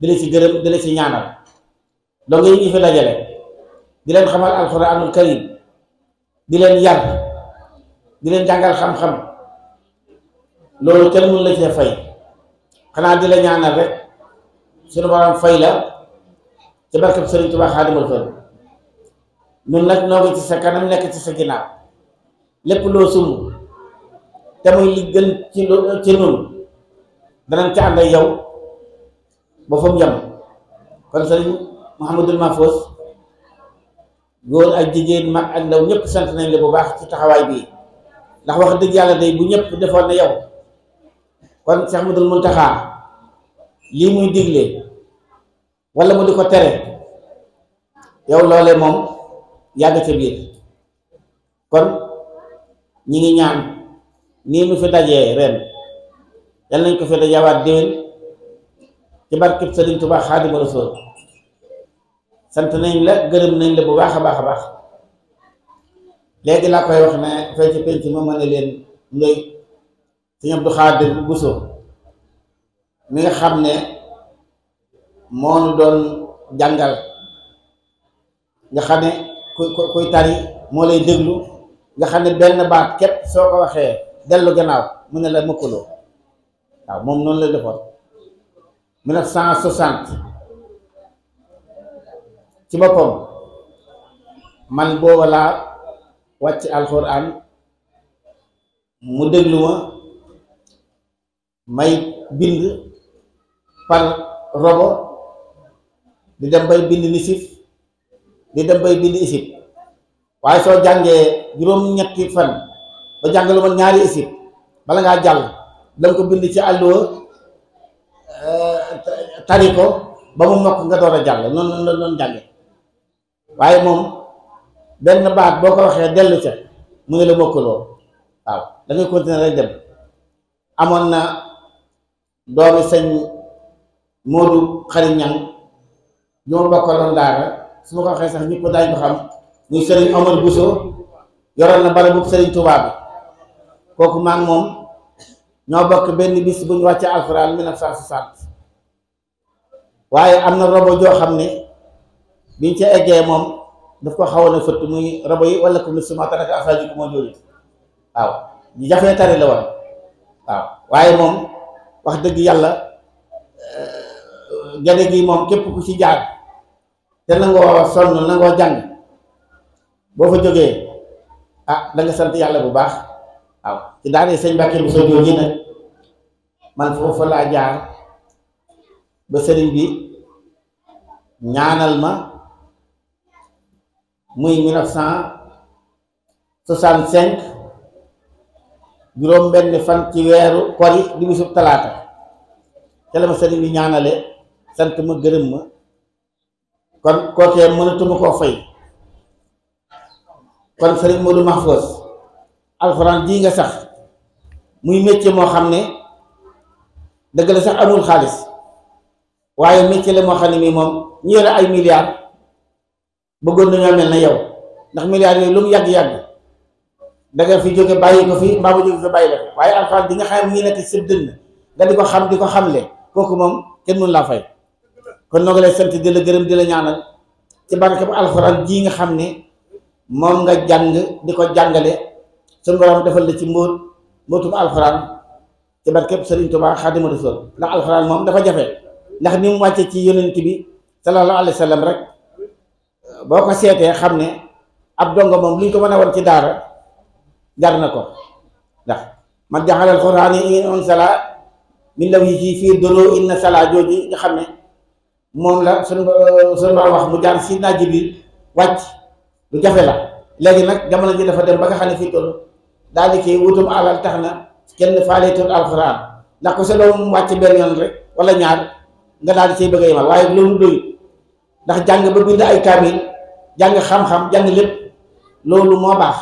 di la ci gërëm di la ci ñaanal donga yi ñu fi dajale di leen xamal alxuraanul karim di leen yar di leen jàngal xam-xam loolu kenn mun la cee fay xanaa di la ñaanal rek suñu borom fay la ci barkeb Sëriñ Tuubaa Xaadimal Fadl nun nag noo ngi ci sa kanam nekk ci sa ginnaaw lépp loo sumb te muy li gën ci ci nun danañ ci yow ba fa mu kon sëriñ Mouhamadul Mahfouz góor ak jigéen mag ak ndaw ñëpp sant nañ la bu baax si taxawaay bii ndax wax dëgg yàlla day bu ñëpp defoon na yow kon Cheikh Mouhamadoul Mountakha lii muy digle wala mu di ko tere yow loolee moom yàgg ci biir kon ñi ngi ñaan nii nu fi dajee ren yal nañ ko fi dajawaat déwén ci barkib Sëriñ Tuubaa Xaadimu sol sant nañ la gërëm nañ la bu baax a baax a baax léegi laa koy wax ne fay ci penc ma mën a leen ngay sëñ Abdou Khadir Bousso mi nga xam ne moo nu doon jàngal nga xam ne kuy kuy tari moo lay déglu nga xam ne benn baat képp soo ko waxee dellu gannaaw mu ne la mëkkaloo waaw moom noonu la defoon 1960. ci boppam man booba laa wàcc alxuraan mu déglu ma may bind par robo di dem bay bind nisif di dem bay bind isib waaye soo jàngee juróom-ñetti fan ba jàng lu ma ñaari isib bala ngaa jàll danga ko bind ci àlluwa eh, tari ko ba mu mokk nga door a jàll noonu la doon jànge waaye moom benn baat boo ko waxee dellu ca mu ne la bokkuloo waaw da ngay continuer rek dem amoon na doomi sëñ Modou Xari Ñang ñu ma bokkaloon daara su ma ko waxee sax ñëpp daañu ko xam muy sëriñ Omar Bousso yoroon na bara bu sëriñ Touba bi kooku maa moom ñoo bokk benn bis bu ñu wàccee alxuraan 1960 waaye am na robo joo xam ne biñ ca eggee moom daf ko xawoon a fëtt muy rabo yi wala ko mis suma tanaka afaaji ko moo jóori waaw ñu jafee tari la woon waaw waaye moom wax dëgg yàlla eh, gane gi moom képp ku ci jaar te nangoo sonn nangoo jàng boo fa jógee ah da sant yàlla bu baax waaw ci daanee sëñ Mbàkke bu soo jooji nag man foofu laa jaar ba sëriñ bi ñaanal ma muy 1965 juróom benn fan ci weeru kori di bisub talaata te la ma sëriñ bi ñaanale sant ma gërëm ma kon kookee mënatuma koo fay kon sëriñ Modou Mahfouz alxuraan jii nga sax muy métier moo xam ne dëgg sax amul xaalis waaye métier la moo xam ne mii moom ñu yore ay milliards bëggoon nañoo mel ne yow ndax milliards yooyu lu mu yàgg-yàgg danga fi jóge bàyyi ko fi mbaa ba jóge fi bàyyi la ko waaye alxuraan bi nga xam ne mu ngi nekk si dënn ko xam di ko xamle kooku moom kenn mënu laa fay kon noo ngi lay sant di gërëm di la ci barke bu alxuraan jii nga xam ne moom nga jàng di ko jàngale suñu borom defal la ci mbóot mbóotum alxuraan ci barkeb Sëriñ Tuubaa Xaadimu Rasuul ndax alxuraan moom dafa jafe ndax ni mu wàcce ci yonent bi sallallahu alayhi wa rek boo ko seetee xam ne ab dongo moom luñ ko mën a wan ci daara jar na ko ndax man jaxalal xuraan yi in on sala min law yi ci fii dolo inna sala jooju nga xam ne moom la suñ suñ wax mu jaar si naa jibi wàcc lu jafe la léegi nag jamono ji dafa dem ba nga xam ne fii toll daal di kii wutum alal tax na kenn faaleetul alxuraan ndax ko sa loolu wàcc benn yoon rek wala ñaar nga daal di say bëgg a yemal waaye loolu doyut ndax jàng ba bind ay kaamil jàng xam-xam jàng lépp loolu moo baax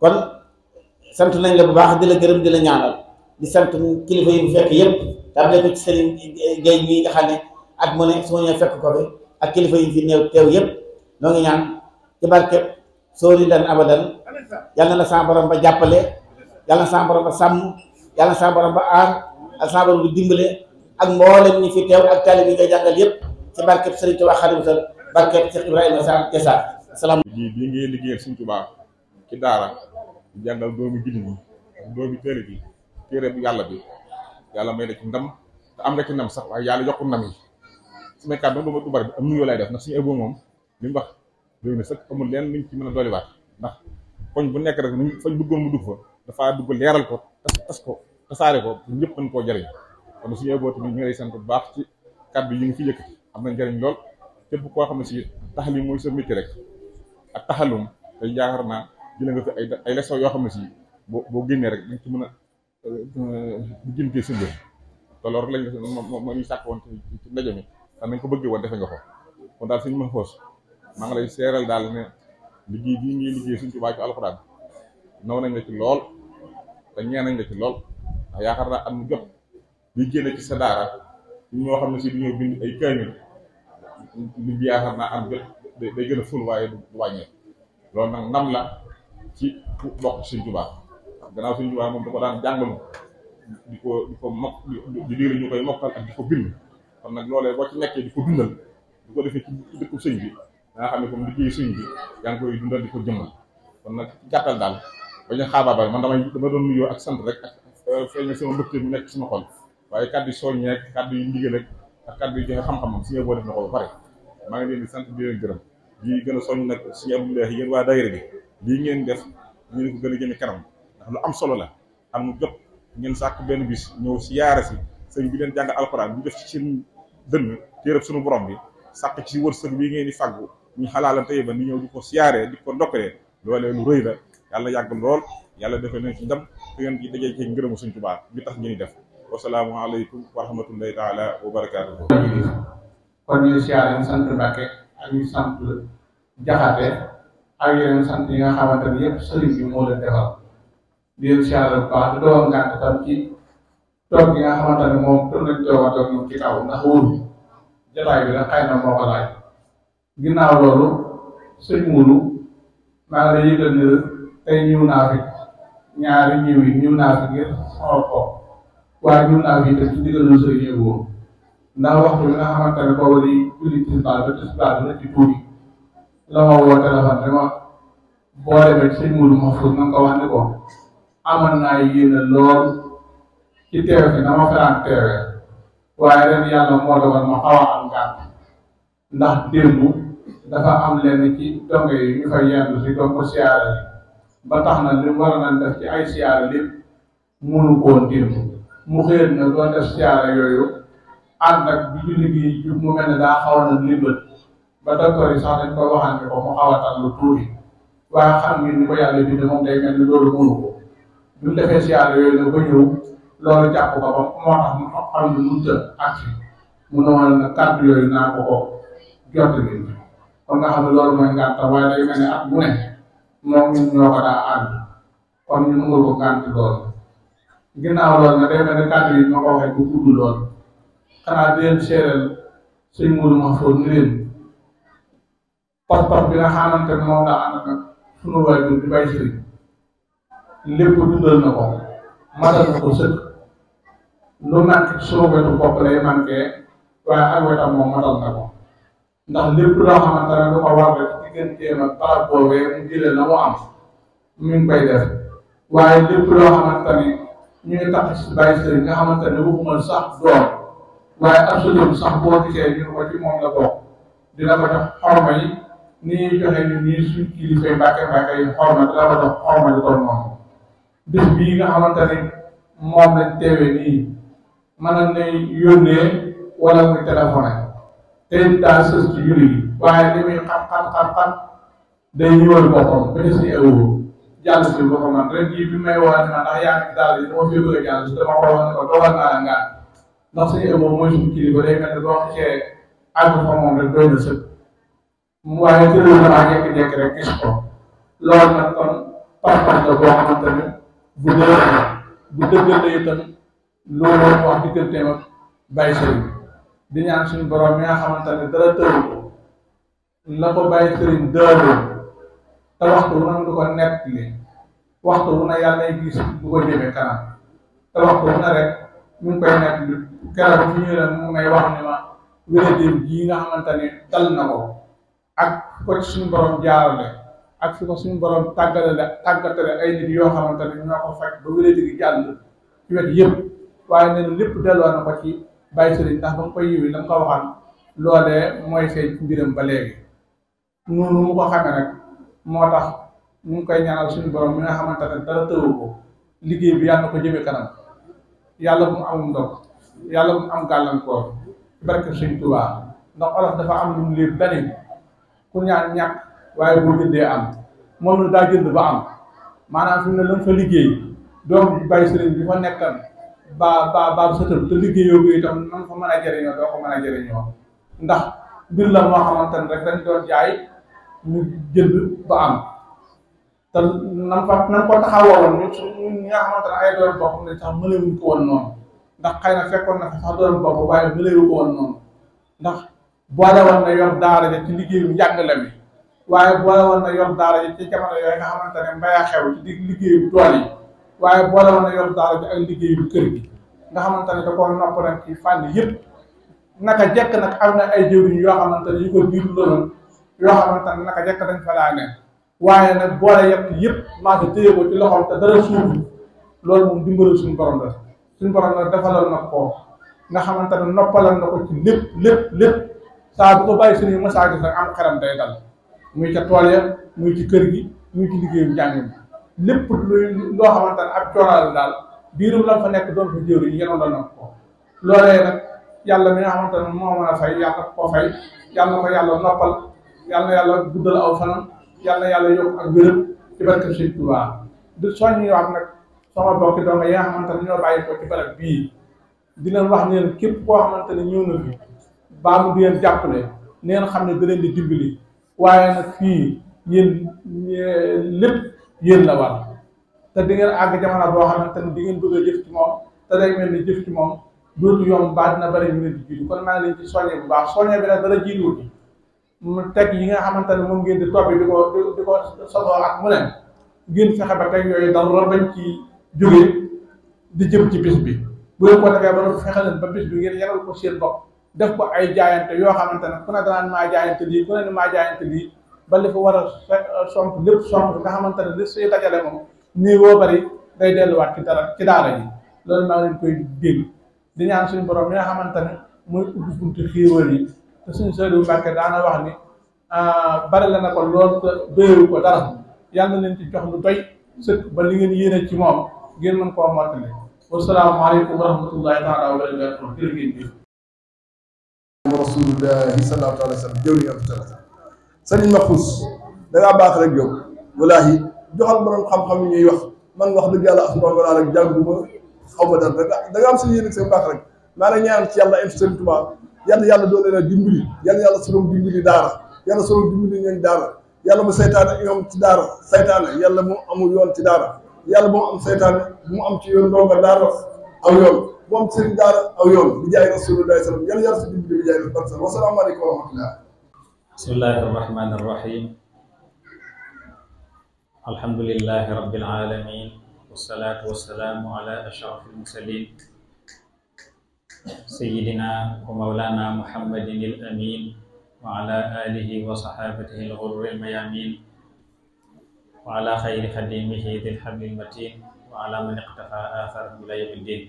kon sant nañ la bu baax di la gërëm di ñaanal di sant kilifa yi bu fekk yëpp tàmbalee ko ci sëriñ Gueye ñi nga xam ne at mu fekk ko fi ak kilifa yi fi yëpp noo ngi ñaan ci barke sóori dan abadan yàlla na ba jàppale yàlla na sa borom ba sàmm yàlla na sa borom ba aar ak sa borom ba dimbale ak mboolem ñi fi teew ak taalib yi nga jàngal yëpp ci barke sëriñ Tuubaa Xaadimu Rasuul barkeet Cheikh Ibrahima Sarr Jasaar salaam ji bii ngeen liggéeyal Sëriñ Tuubaa ci daara jàngal doomi jullit yi ak doomi téere bi téere bi yàlla bi yàlla may na ndam am nga ci ndam sax waaye yàlla yokku ndam yi su may kàddu duma du bari am nuyoo lay def ndax suñu ebo moom li wax dégg na sax amul leen luñ ci mën a dooliwaat ndax koñ bu nekk rek nuñ fañ duggoon mu dugg fa dafaa dugg leeral ko tas tas ko tasaare ko pour ñëpp mën koo jëriñ kon suñu ebo tamit ñu ngi lay sant bu baax ci kàddu yi nga fi yëkkati am na njëriñ lool képp koo xam ne si taxalim mooy sa métier rek ak taxalum te yaakaar naa jëlee nga fi ay ay leçon yoo xam ne si boo boo génnee rek dañ ci mën a jëm ci suñu te loolu lañ moom la ñuy sàkk woon ci ndaje mi te nañ ko bëggee woon defe nga ko kon daal suñu ma xoos maa ngi lay seeral daal ne liggéey bii ngi liggéey suñ Tuubaa ci alxuraan naw nañ la ci lool te ñaan nañ la ci lool ndax yaakaar naa am jot di génne ci sa daara ñoo xam ne si dañoo bind ay kaamil liñ yaakaar naa am day gën a ful waaye du wàññee loolu nag nam la ci bokk Sëñ Tuubaa gannaaw Sëñ Tuubaa moom da ko daan jàngal di ko di ko mokk di ñu koy mokkal ak di ko bind kon boo ci nekkee di ko dundal di ko defee ci bi nga xam ne comme liggéey sëñ bi yaa ngi koy dundal di ko jëmmal kon nag gàttal daal bañ a xaabaabal man damay dama doon nuyoo ak sant rek ak euh, feeñal sama mbëgte mu nekk sama xol waaye kàddu sooññeek kàddu yu ndigal ak kàddu yu joxe xam-xamam si nga boo def na maa ngi leen di sant di leen gërëm di gën a soññ nag suñu abdoulaye yéen waa daayira bi lii ngeen def ñu ne ko gën a jëme kanam ndax lu am solo la am mu jot ngeen sàkk benn bi ñëw si si sëñ bi leen jàng alxuraan bu def ci seen dënn téerab suñu borom bi sàkk ci wërsëg bi ngeen di fàggu ñu xalaalan tey ba ni ñëw di ko siyaaree di ko ndokkalee loolee lu rëy la yàlla yàgg lool yàlla defee nañ ci ndam te ngeen ci dajee ci ngërëmu suñ Tuubaa bi tax ngeen def wasalaamu aleykum wa rahmatullahi taala wa kon ñu siyaare ñu sant Mbàkke ak ñu sant Jaxate ak yeneen sant yi nga xamante ni yëpp sëriñ bi moo leen defal di leen siyaare bu baax di tam ci toog gi nga xamante ne moom tur nañ doog a toog ñu ci kaw ndax wóor jataay bi nag xëy na moo ko laaj ginnaaw loolu sëñ Mourou maa ngi lay yëgal ne tey ñëw naa fi ñaari ñëw yi ñëw naa fi ngir xool ko waaye ñëw naa fi itam ci digal lu sëriñ yëngu ndax waxtu bi nga xamante ne boobu di julli tisbaar ba tisbaar ba ci tuuti la ma woo téléphone dama boo demee ci sëñ Mourou Mahfouz na nga ko wax ne ko amoon naa yéene lool ci teew fi na ma faraan teewee waaye ren yàlla moo dogal ma xaw am gàtt ndax démb dafa am lenn ci donge yi ñu fay yendu si doon ko siyaare ba tax na li war nañ def ci ay siyaare lépp munu koon démb mu xëy na doo def siyaare yooyu. ànd ak bi julli gi jub mu mel ne daa xaw na limbal ba docteur yi sax dañ koy waxaan ne ko mu xaw a tal lu tuuti waaye xam ngeen ni ko yàlla bind moom day mel ni loolu mënu ko buñ defee si yàlla yooyu nag ba ñëw loolu jàpp ko ba moo tax mu xam ne mënut a àgg mu ne na kàddu yooyu naa ko ko jot gi kon nga xam ne loolu mooy ngànt waaye day mel ne at bu ne moom ñun ñoo ko daa ànd kon ñu nangul ko ngànt lool ginnaaw loolu nag day mel ne kàddu yi ma ko waxee bu gudd lool. xanaa di leen seereel sëñ Mourou Mahfoud ni leen pas-pas bi nga xamante ne moom laa ànd ak sunu waajur di bay sëriñ lépp dundal na ko matal na ko sëkk lu nàkk sunu wetu bopp lay manqué waaye ak wetam moom na ko ndax lépp loo xamante ne lu ko war rek digganteem ak barab boobee mu jëlee la mu am mi ngi koy def waaye lépp loo xamante ne si bay sëriñ nga xamante ne waxuma sax doom waaye absolu sax boo gisee ñu ko ci moom la bokk dina ko jox xorma yi ni ñuy joxe ñun ñii suñ kilifa yi mbàkke mbàkke yi xorma dina ko jox xorma yi kon moom bés bii nga xamante ne moom lañ teewee nii mën nañ lay yónnee wala muy téléphoné tey daal sës ci julli yi waaye li muy xam xam xam xam day ñëwal boppam ba des ñu ewu jàll si boppam man ren jii bi may woo yaa ngi daal di ma fi bëgg a jàll si dama ko wax ne ko naa la ndax suñu yëngu moom mooy suñu kilifa day mel ne boo xasee àgg fa moom rek doy na sëkk waaye tëral na maa njëkk njëkk rek gis ko loolu nag kon partage la boo xamante ne bu dëgër la bu dëgër la itam loolu wax digganteem ak bàyyi sëriñ di ñaan suñu borom mi nga xamante ne dara tëru ko la ko bàyyi sëriñ dëgër te waxtu wu nag du ko nettali waxtu wu na yàlla gis du ko jëmee kanam te waxtu wu na rek. mu ngi koy nekk garab bi ñu ne mu may nga xamante ne dal na ko ak ko ci suñu borom jaarale ak fi ko suñu borom la tàggatale ay nit yoo xamante ne ñoo ko faj ba wéradi gi jàll ci wet yëpp waaye nee na lépp delloo na ko ci bàyyi sëriñ ndax ba mu koy yiwi la mu ko waxal loolee mooy feeñ ci mbiram ba léegi noonu mu ko xamee nag moo tax mu ngi koy ñaanal suñu borom mi nga xamante ne dara tëwu ko liggéey bi yàlla na ko jëmee kanam yàlla bu mu amum ndox yàlla bu mu am gàllankoor barke sëñ Tuubaa ndax olof dafa am lu mu liir dani ku ñaan ñàkk waaye boo jëndee am moom la daa jënd ba am maanaam fi mu ne la nga fa liggéey doom bi bàyyi sëriñ bi fa nekkan ba ba ba sëtal te liggéeyoo ko itam na nga ko man a jëriñoo doo ko mën a jëriñoo ndax mbir la moo xamante ne rek dañ doon jaay ñu jënd ba am te nan fa nan ko taxawoon a ñun ñi nga xamante ne ay doon ko woon ndax xëy na fekkoon na sax doon bopp waaye mënewu ko ndax boole woon na yor daara ja ci liggéeyu njàngale mi waaye boole woon na yor daara ja ci jamono yooyu nga xamante ne mbaya xew ci dig liggéeyu tool yi waaye boole woon na yor daara ja ay liggéeyu kër gi nga xamante ne da koo nopp rek ci fànn yëpp naka jekk nag am na ay jëwriñ yoo xamante ne yu ko jiitu loolu yoo xamante ne naka jekk dañ fa daa ne waaye nag boole yett yëpp maa ngi téye ko ci loxoom te dara suuf loolu moom dimbalul suñu borom la suñu borom la defalal na ko nga xamante ne noppalal na ko ci lépp lépp saa bu ko bàyyi suñuy message gis rek am xelam day dal muy ca tool muy ci kër gi muy ci liggéey njàng mi lépp luy loo xamante ne ab cooral daal biirum la fa nekk doon fa jéeru yi yenoon dal nag yàlla mi nga xamante ne moo mën a fay yàlla ko fay yàlla ko yàlla noppal yàlla yàlla guddal aw fanam yàlla yàlla yokk ak wéram ci barke Sëñ Tuubaa du soññi wax nag sama bokki dong yaa xamante ne ñoo bàyyi ko ci barab bii dina wax ne képp koo xamante ne ñëw na bi baa mu di leen jàppale neen xam ne da leen di dimbali waaye nag fii yéen lépp yéen la war te di ngeen àgg jamono boo xamante ne di ngeen bëgg a jëf ci moom te day mel ni jëf ci moom dootu yomb baa dina bëri ñu ne di jiitu kon maa ngi leen ci soññee bu baax soññee bi nag dara jiitu teg yi nga xamante ne moom ngeen di toppee di ko di ko sosoo ak mu leen ngeen fexe ba teg yooyu dara bañ ci jógee di jëm ci bis bi bu leen ko defee ba ba bis bi ngeen yaral ko seen bopp def ko ay jaayante yoo xamante ne ku ne danaan maa maa jaayante lii ba li fa war a somp lépp somp nga xamante ne li suy dajale moom nii woo bari day delluwaat ci dara ci daara ji loolu maa leen koy dégg di ñaan suñu borom mi nga xamante ne mooy ubbi buntu yi. te suñu Saliou Mbacke daana wax ni ah, bari la na ko lool te doyewu ko dara yàlla leen ci jox lu doy sëkk ba li ngeen yéene ci moom ngeen mën koo mottali wasalaamaaleykum wa rahmatullahi taala wa barakatuh jërë ngeen jëf rasulullahi sallallahu alayhi baax rek yow wallaahi joxal borom xam-xam yi ñuy wax man wax dëgg yàlla ak ndoom laa rek jànguma xaw ma dara da nga am la ñaan ci yàlla in sëriñ Tuubaa yàlla yàlla doole la dimbali yàlla yàlla suñu dimbali daara yàlla suñu dimbali ñooñ daara yàlla mu saytaane yoon ci daara saytaane yàlla mu amul yoon ci daara yàlla mu am saytaane mu am ci yoon ndongo daara aw yoon mu am sëriñ daara aw yoon bi jaay rasulullahi sallam yàlla yàlla suñu dimbali bi jaay rasulullahi wa salaamu aleykum wa rahmatullah bismillahi rahmani rahim alhamdulillahi rabbil alamin wasalaatu wasalaamu ala ashrafil mursalin سيدنا ومولانا محمد الأمين وعلى آله وصحابته الغر الميامين وعلى خير خديمه ذي الحبل المتين وعلى من اقتفى آثارهم إلى يوم الدين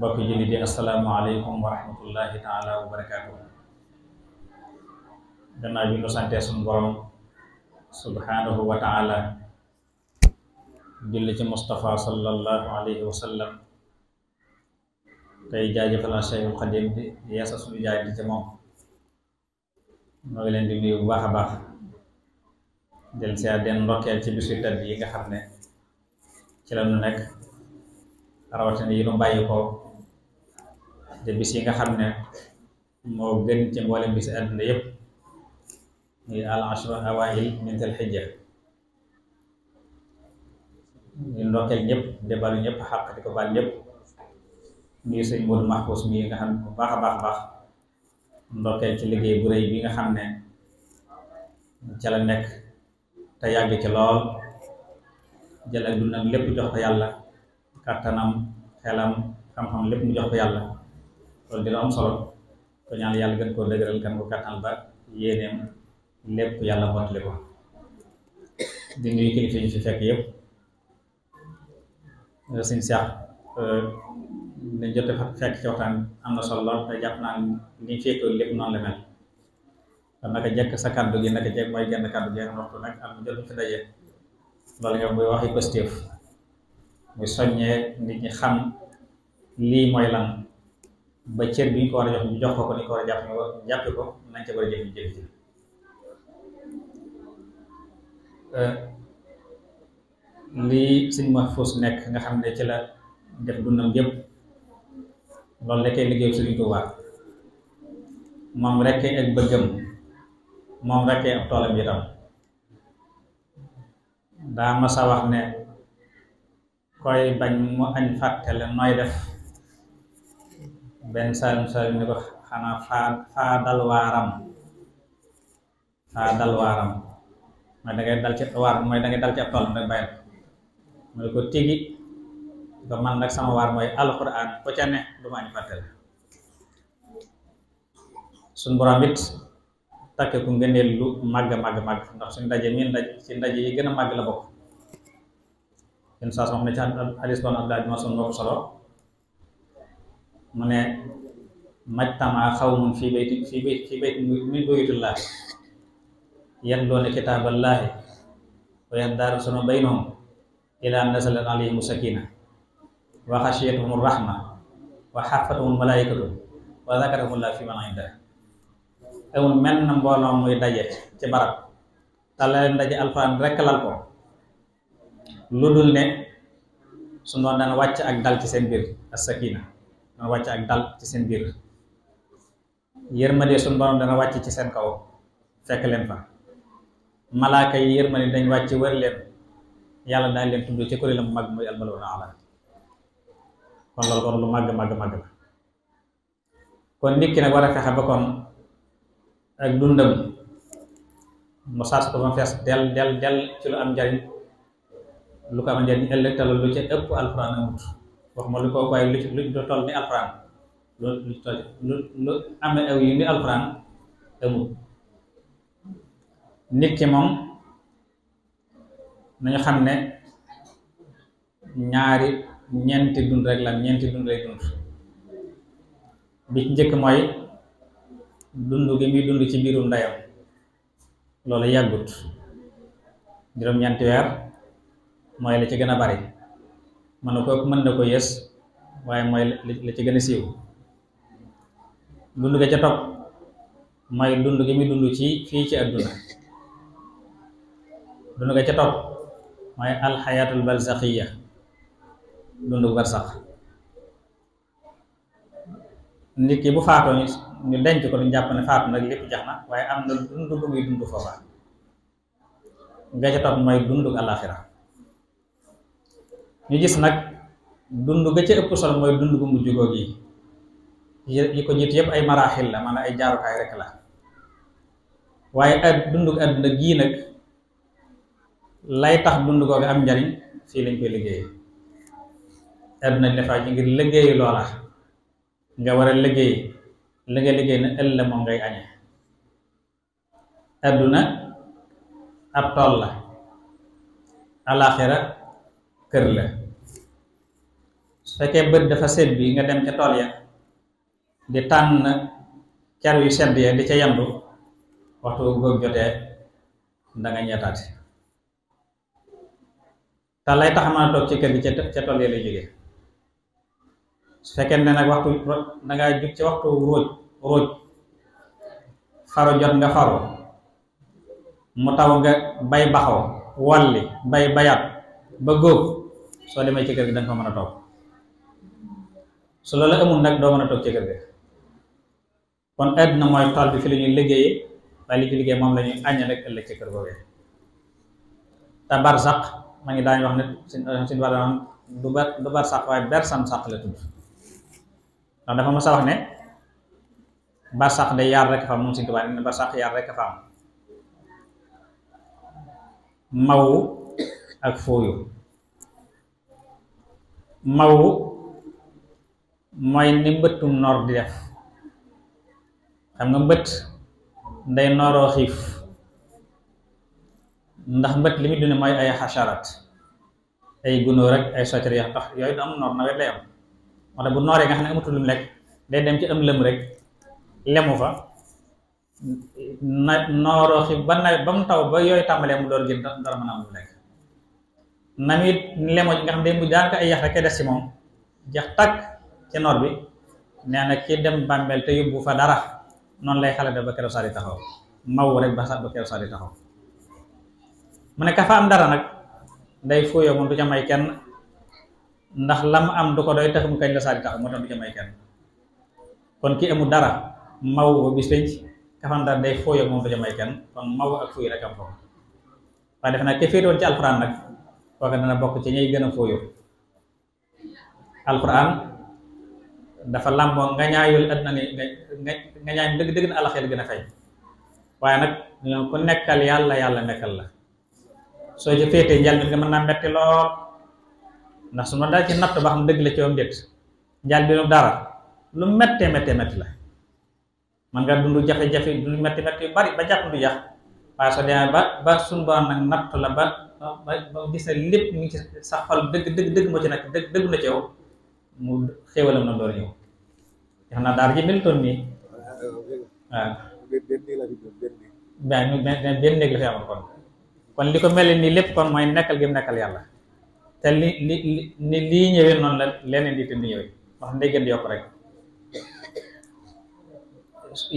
بك جلدي السلام عليكم ورحمة الله تعالى وبركاته دنا بنو سانتي سن بروم سبحانه وتعالى جل مصطفى صلى الله عليه وسلم tey jaajëfalaat Cheikhul Xadim di yeesa suñu jaay di ci moom ngi leen di bu baax a baax del si den ndokkeel ci bisu tedd yi nga xam ne ci la ñu nekk rawatina yi nu yi nga xam ne moo gën ci mboolem bis àdduna yépp muy al ashra awail min al hijja ñu ndokkeel ñëpp di balu ñëpp xàq di ko bal ñëpp ñuy sëñ Modou Mahfous mii nga xam ne bu baax a baax baax ndokkeel ci liggéey bu rëy bi nga xam ne ca la nekk te yàgg ci lool jël ak dundam lépp jox ko yàlla kàttanam xelam xam-xam lépp mu jox ko yàlla loolu dina am solo ko ñaan yàlla gën koo dëgëral gën ko kàttanal ba yéeneem lépp yàlla mottali ko di nuyu kilifa yi ñu fi fekk yëpp sëñ Cheikh ne jot a fekk ci waxtaan am na solo lool jàpp naa ni féetoo lépp noonu la mel kon naka jekk sa kàddu gi naka jekk mooy genn kàddu gi nga muy waxi positif muy soññee nit ñi xam lii mooy lan ba ko war a jox ñu jox ko ko ni ko war a jàpp ñu jàppi ko nañ ca war a jëf ma fuus nekk nga xam la def dundam loolu la koy liggéey Sëriñ Tuubaa moom rek ak bëggam moom rek ab toolam itam daa mas a wax ne koy bañ mu añ fàttale nooy def benn saalim saalim ni ko xanaa faa faa dal waaram faa dal waaram mooy dangay dal ci waar mooy dangay dal ci ab toolam rek bàyyi mu ko tigi ba man nag sama waar mooy alquran ko ca ne du ma ñu fàttale suñ borom it takke ku ngëneel lu màgg màgg màgg ndax suñ ndaje mi ndaj ci ndaje yi gën a màgg la bokk yenn saa soxna ci hadis bon abdulaay bi masum bokk solo mu ne majtama xawmun fii bayti fii bayti fii bayti min buyutillah yatluuna kitaaballahi wa yatadaarasuuna baynahum ilaa nazalat alayhimu sakina wa xashiyatuhum rahma wa xafatuhum malaikatu wa zakarahumullah fi man inda amul mel na mbooloo muy daje ci barab te la leen daje alxuraan rekk lal ko lu dul ne su doon wàcc ak dal ci seen biir as-sakina daan wàcc ak dal ci seen biir yërmande suñu borom dana wàcc ci seen kaw fekk leen fa malaaka yi yërmande dañ wàcc wër leen yàlla daal leen tudd ci kuréelam mag muy almaluna ala kon lu màgg màgg màgg la kon nit nag war a fexe ba kon ak dundam mu saas ko ba fees del del del ci lu am njariñ lu ko am njariñ ëllëg lu ca ëpp alxuraan amut waxuma lu ko waaye lu ci lu toll ni alxuraan lu lu amee aw yi ni alxuraan amut nit ki moom nañu xam ne ñaari ñeenti dund rek la ñeenti dund lay dund bi ci njëkk mooy dund gi muy dund ci biiru ndeyam loolu yàggut juróom-ñeenti weer mooy la ci gën a bari mën na mën na ko yées waaye mooy la ci gën a siiw dund ga ca topp mooy dund gi muy dund ci fii ci adduna dund ga ca topp mooy alxayaatul balsaxiya dundu barsax nit ki bu faatoo ñu ñu denc ko duñ jàpp ne faatu nag lépp jax na waaye am na dundu bu muy dund foofa nga ca topp mooy dundu àllaaxira ñu gis nag dund ga ca ëpp solo yi yi ko jiitu yëpp ay maraaxil la maanaam ay jaarukaay rek la waaye at dundu àdduna gii nag lay tax dund googu am njariñ fii lañ koy liggéeyee eb nañ la faa ci ngir liggéey loola nga war a liggéey li nga liggéey na ëllëg moom ngay añe adduna ab tool la alaxira kër la su fekkee bët dafa sedd bi nga dem ca tool ya di tànn car yu sedd ya di ca yandu waxtu góob jotee da nga ñeetaat te lay tax kër gi ca tool ya lay jóge su fekkee ne nag waxtu da ngaa jóg ci waxtu ruuj ruuj faru jot nga faru mu taw nga bay baxaw walli bay bayat ba góob soo demee ci kër gi da nga mën a toog su loolu amul nag doo mën a toog ci kër gi kon àddina mooy tool bi fi la ñuy liggéeyee waaye li liggéey moom la ñuy aññe rek ëllëg ci googee te bar sax ma ngi daañu wax ne suñ suñ war du bar du bar sax waaye ber san la tudd ndax dafa mos a wax ne barsax de yaar rek fa am moom Sëñ Tuubaa ne barsax yaar rek fa am ak fooyu mawu mooy ni mbëttum noor di def xam nga mbëtt nday nooroo xiif ndax mbët li muy dund mooy ay xasharat ay gunóor rek ay soccer yax tax yooyu du am noor nawet lay am wala bu nooree nga xam ne amatul lu mu lekk day dem ci am lëm rek lemu fa na nooroo xi ba nawet ba mu taw ba yooyu tàmbalee mu door gën dara mën a am lu lekk na muy lemoo nga xam ne mu daanaka ay yax rek des ci moom jeex tàkk ci noor bi nee na ki dem bàmmeel te yóbbu fa dara noonu lay xale def ba keroog saa di taxaw maw rek ba sa ba keroog saa di taxaw mu ne ka fa am dara nag day fuyoo moom du ca may kenn ndax lam am du ko doy tax mu kañ la saadi tax moo tax may kenn kon ki amul dara maw ba bis penc kafandaat day fooy ak moom du ca may kenn kon maw ak fooy rek am foofu waaye defe naa ci alxuraan gën a fooyoo alxuraan dafa làmboo nga ñaayul àdduna ni nga nga ñaay dëgg dëgg na alaxel gën a fay waaye nag ñoom ku nekkal yàlla yàlla nekkal la soo ci féetee njal nga mën naa metti lool ndax su ma daa ci natt ba xam dëgg la ci am njëkk njaal bi dara lu méttee méttee métti la man nga dund jafe-jafe dund métti métti yu bari ba jàpp du yàq waaye soo demee ba ba suñu borom nag natt la ba ba gis na lépp ñu ngi ci sax ci nekk dëgg dëgg ci yow mu xéewalam na door ñëw xam naa daara ji mel nii ah, waaw benn benn néeg la fi amoon kon kon li ko mel nii lépp kon mooy nekkal gi mu nekkal yàlla te li li lii ñëwee noonu la leneen di tëdd ñëwee wax ndey gën di yokk rek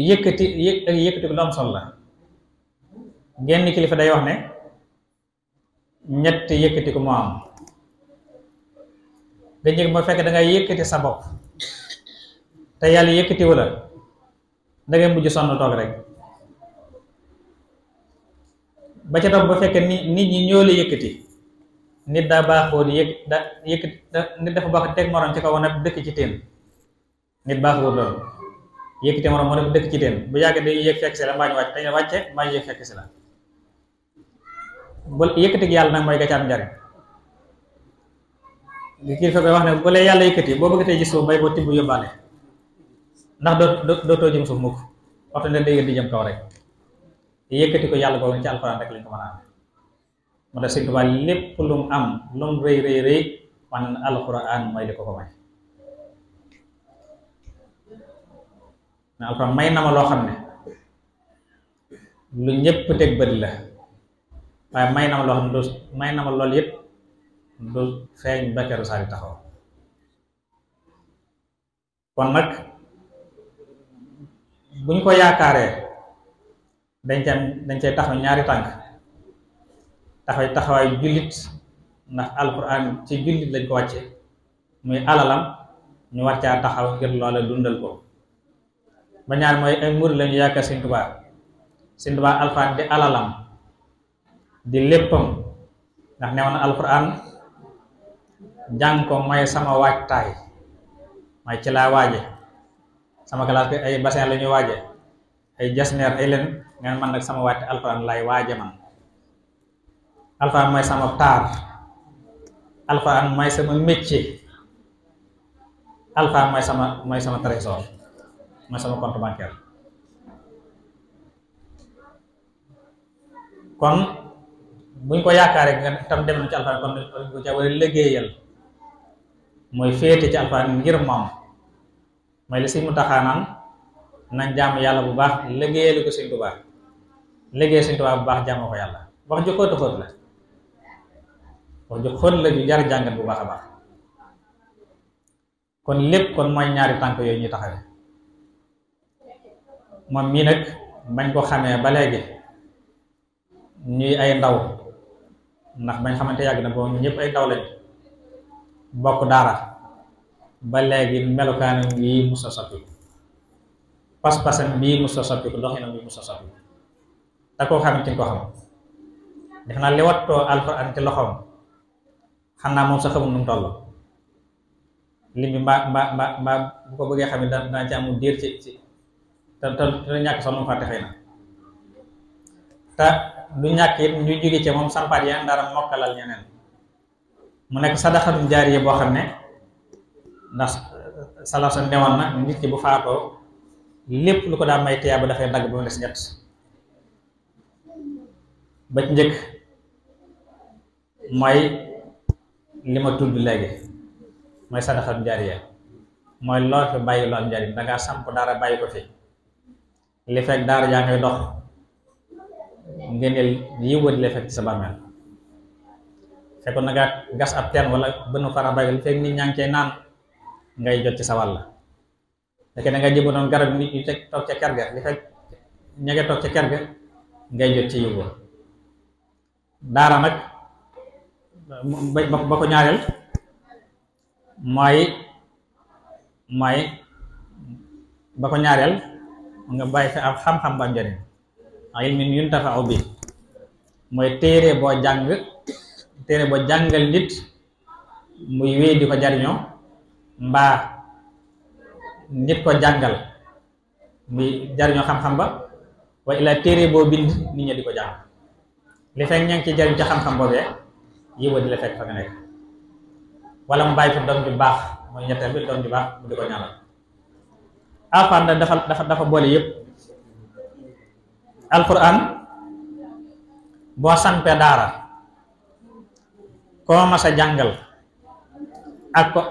yëkkati yëkkati ko lu la genn kilifa day wax ne ñett yëkkati ko moo am nga njëkk fekk da ngay yëkkati sa bopp te yàlla yëkkati wala da ngay mujj sonn toog rek ba ca toog ba fekk ni nit ñi ñoo la yëkkati nit daa baaxoo di yëg da yëkk nit dafa baax teg morom ci kaw ne dëkk ci teen nit baaxoo loolu yëkkite morom mu ne dëkk ci teen bu yàgg day yëg fekk si la mbaa ñu wàcc dañu wàcce yàlla nag mooy gàcce am njariñ li kii wax ne bu lee yàlla yëkkati boo bëgg tey ji suuf bay boo tibb yóbbaale ndax doo dootoo jëm suuf mukk waxtu ne di jëm kaw rek yëkkati ko yàlla boobu ci alxuraan rek lañ ko mën moo tax Sëñ Tuubaa lépp lu mu am lu mu rëy rëy rëy wan alxuraan mooy li ko ko may na alxuraan may na ma loo xam ne lu ñëpp teg bët la waaye may na ma loo xam lool yëpp du feeñ ba keru saari taxaw kon nag buñ ko yaakaaree dañ ca dañ cay taxaw ñaari tànk taxawee taxawaay jullit ndax alquran ci jullit lañ ko wàcce muy alalam ñu war caa taxaw ngir loola dundal ko ba ñaar mooy ay murid lañu yaakaar Sëñ Tuubaa Sëñ di alalam di léppam ndax nee woon alquran jàng ko mooy sama waajtaay mooy ci laa waaje sama classe bi ay bassin la ñuy waaje ay jasneer ay leen ngeen man nag sama waajte alquran lay waaje man alxuraan mooy sama taar alxuraan mooy sama métier alxuraan mooy sama mooy trésor mooy sama compte bancaire kon buñ ko yaakaaree nga tam dem na ci alxuraan kon ko mooy féete ci alxuraan ngir moom mooy li si mu taxaanaan nañ jàmm yàlla bu baax liggéeyal ko Sëñ Tuubaa liggéey Sëñ Tuubaa bu baax jàmm ko yàlla wax ju xóot xóot la wax ju xóot la ju jar jàngat bu baax a baax kon lépp kon mooy ñaari tànk yooyu ñuy taxawe moom mii nag bañ ko xamee ba léegi ñuy ay ndaw ndax bañ xamante yàgg na boobu ñu ñëpp ay ndaw lañ bokk daara ba léegi melukaanam bii musa soppiku pas-pasam bii musa soppiku doxinam bii musa soppiku te koo xamante ni ko xam def naa li wattoo alxuraan ci loxoom xanaa moom sax xamul nu mu toll lim bi mbaa mbaa mbaa mbaa bu ko bëggee xam ne daan ci am diir ci ci te te te ñàkk sax mu fàtte xëy na te du ñàkk it ñu jóge ci moom sampaat yaa mu nekk sadaxatum jaariya boo xam ne ndax euh, salaf sa newoon na nit ki bu faatoo lépp lu ko daa may tiyaaba dafay dagg ba mu des ñett ba ci njëkk mooy li ma tudd léegi mooy sadaxatu jaariya mooy loo fi bàyyi lool am njariñ dangaa samp daara bàyyi ko fi li fekk daara jaa ngay dox ngeneel yi wër li fekk ci sa bàmmeel fekkoon na ngaa gas ab teen wala bënn fara bàyyi li fekk nit ñaa ngi cay naan ngay jot ci sa wàll fekkee da nga jëmb noonu garab nit ñu teg toog ca kër ga li fekk ña ngi toog ca kër ga ngay jot ci yiw daara nag ba ko ñaareel mooy mooy ba ko ñaareel nga bàyyi fi am xam-xam ba njëriñ ay min yun tafa aw bi mooy téere boo jàng téere boo jàngal nit muy wéy di ko jariñoo mbaa nit ko jàngal muy jariñoo xam-xam ba wa illa téere boo bind nit ñi di ko jàng li fekk ña ngi ci jariñ ca xam-xam boobee yiwa di la fekk fa nga nekk wala mu bàyyi fa doom ju baax mooy ñetteel bi doom ju baax mu di ko ñaanal alquran dafa dafa boole yëpp alquran boo sampee daara koo ma a jàngal ak ko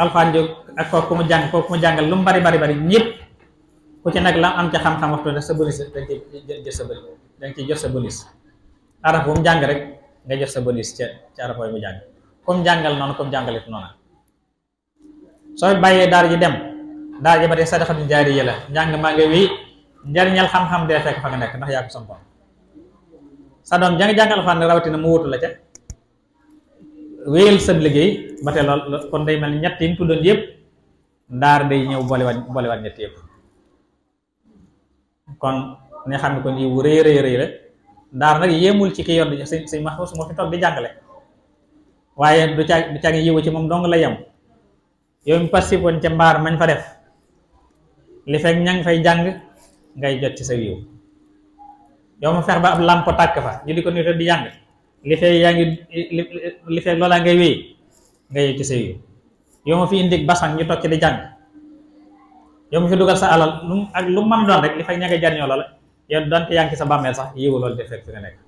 alquran jo ak ko ku mu jàng ko ku mu jàngal lu mu bari bari bari ñëpp ku ci nag lam am ca xam-xam waxtu da sa bëlis dañ ci sa bëlis dañ ci jot sa bëlis araf bu mu jàng rek nga jox sa bëlis ca ca rapport bi jàng comme jàngal noonu comme jàngalit noonu soo bàyyee daara ji dem daara ji ba tey sadaxatu jaariya la njàng maa ngi wii njariñal xam-xam dee fekk fa nga nekk ndax yàgg ko sampoon sa doom jàng jàngal fan rawatina mu wutu la ca wéyal sa liggéey ba tey lool kon day mel ñett yi mu tuddoon yëpp daar day ñëw boolewaat boolewaat ñett yëpp kon ne xam nga kon yiwu rëy rëy rëy daara nag yéemul ci ki yor di sëñ sëñ Mahfouz moo fi toog di jàngale waaye du caa du caa yiwu ci moom dong la yem yow mi passif woon ca mbaar mañ fa def li fekk ña ngi fay jàng ngay jot ci sa yiw yow ma fex ba ab làmp tàkk fa ñu di ko nit di jàng li li fekk loolaa ci sa fi indi basan ñu toog di jàng yow ma fi dugal sa alal lu ak lu mu mën doon rek li fekk ña ngay jariñoo loola yow donte yaa ngi sa bàmmeel sax yiwu loolu def fekk fi nga nekk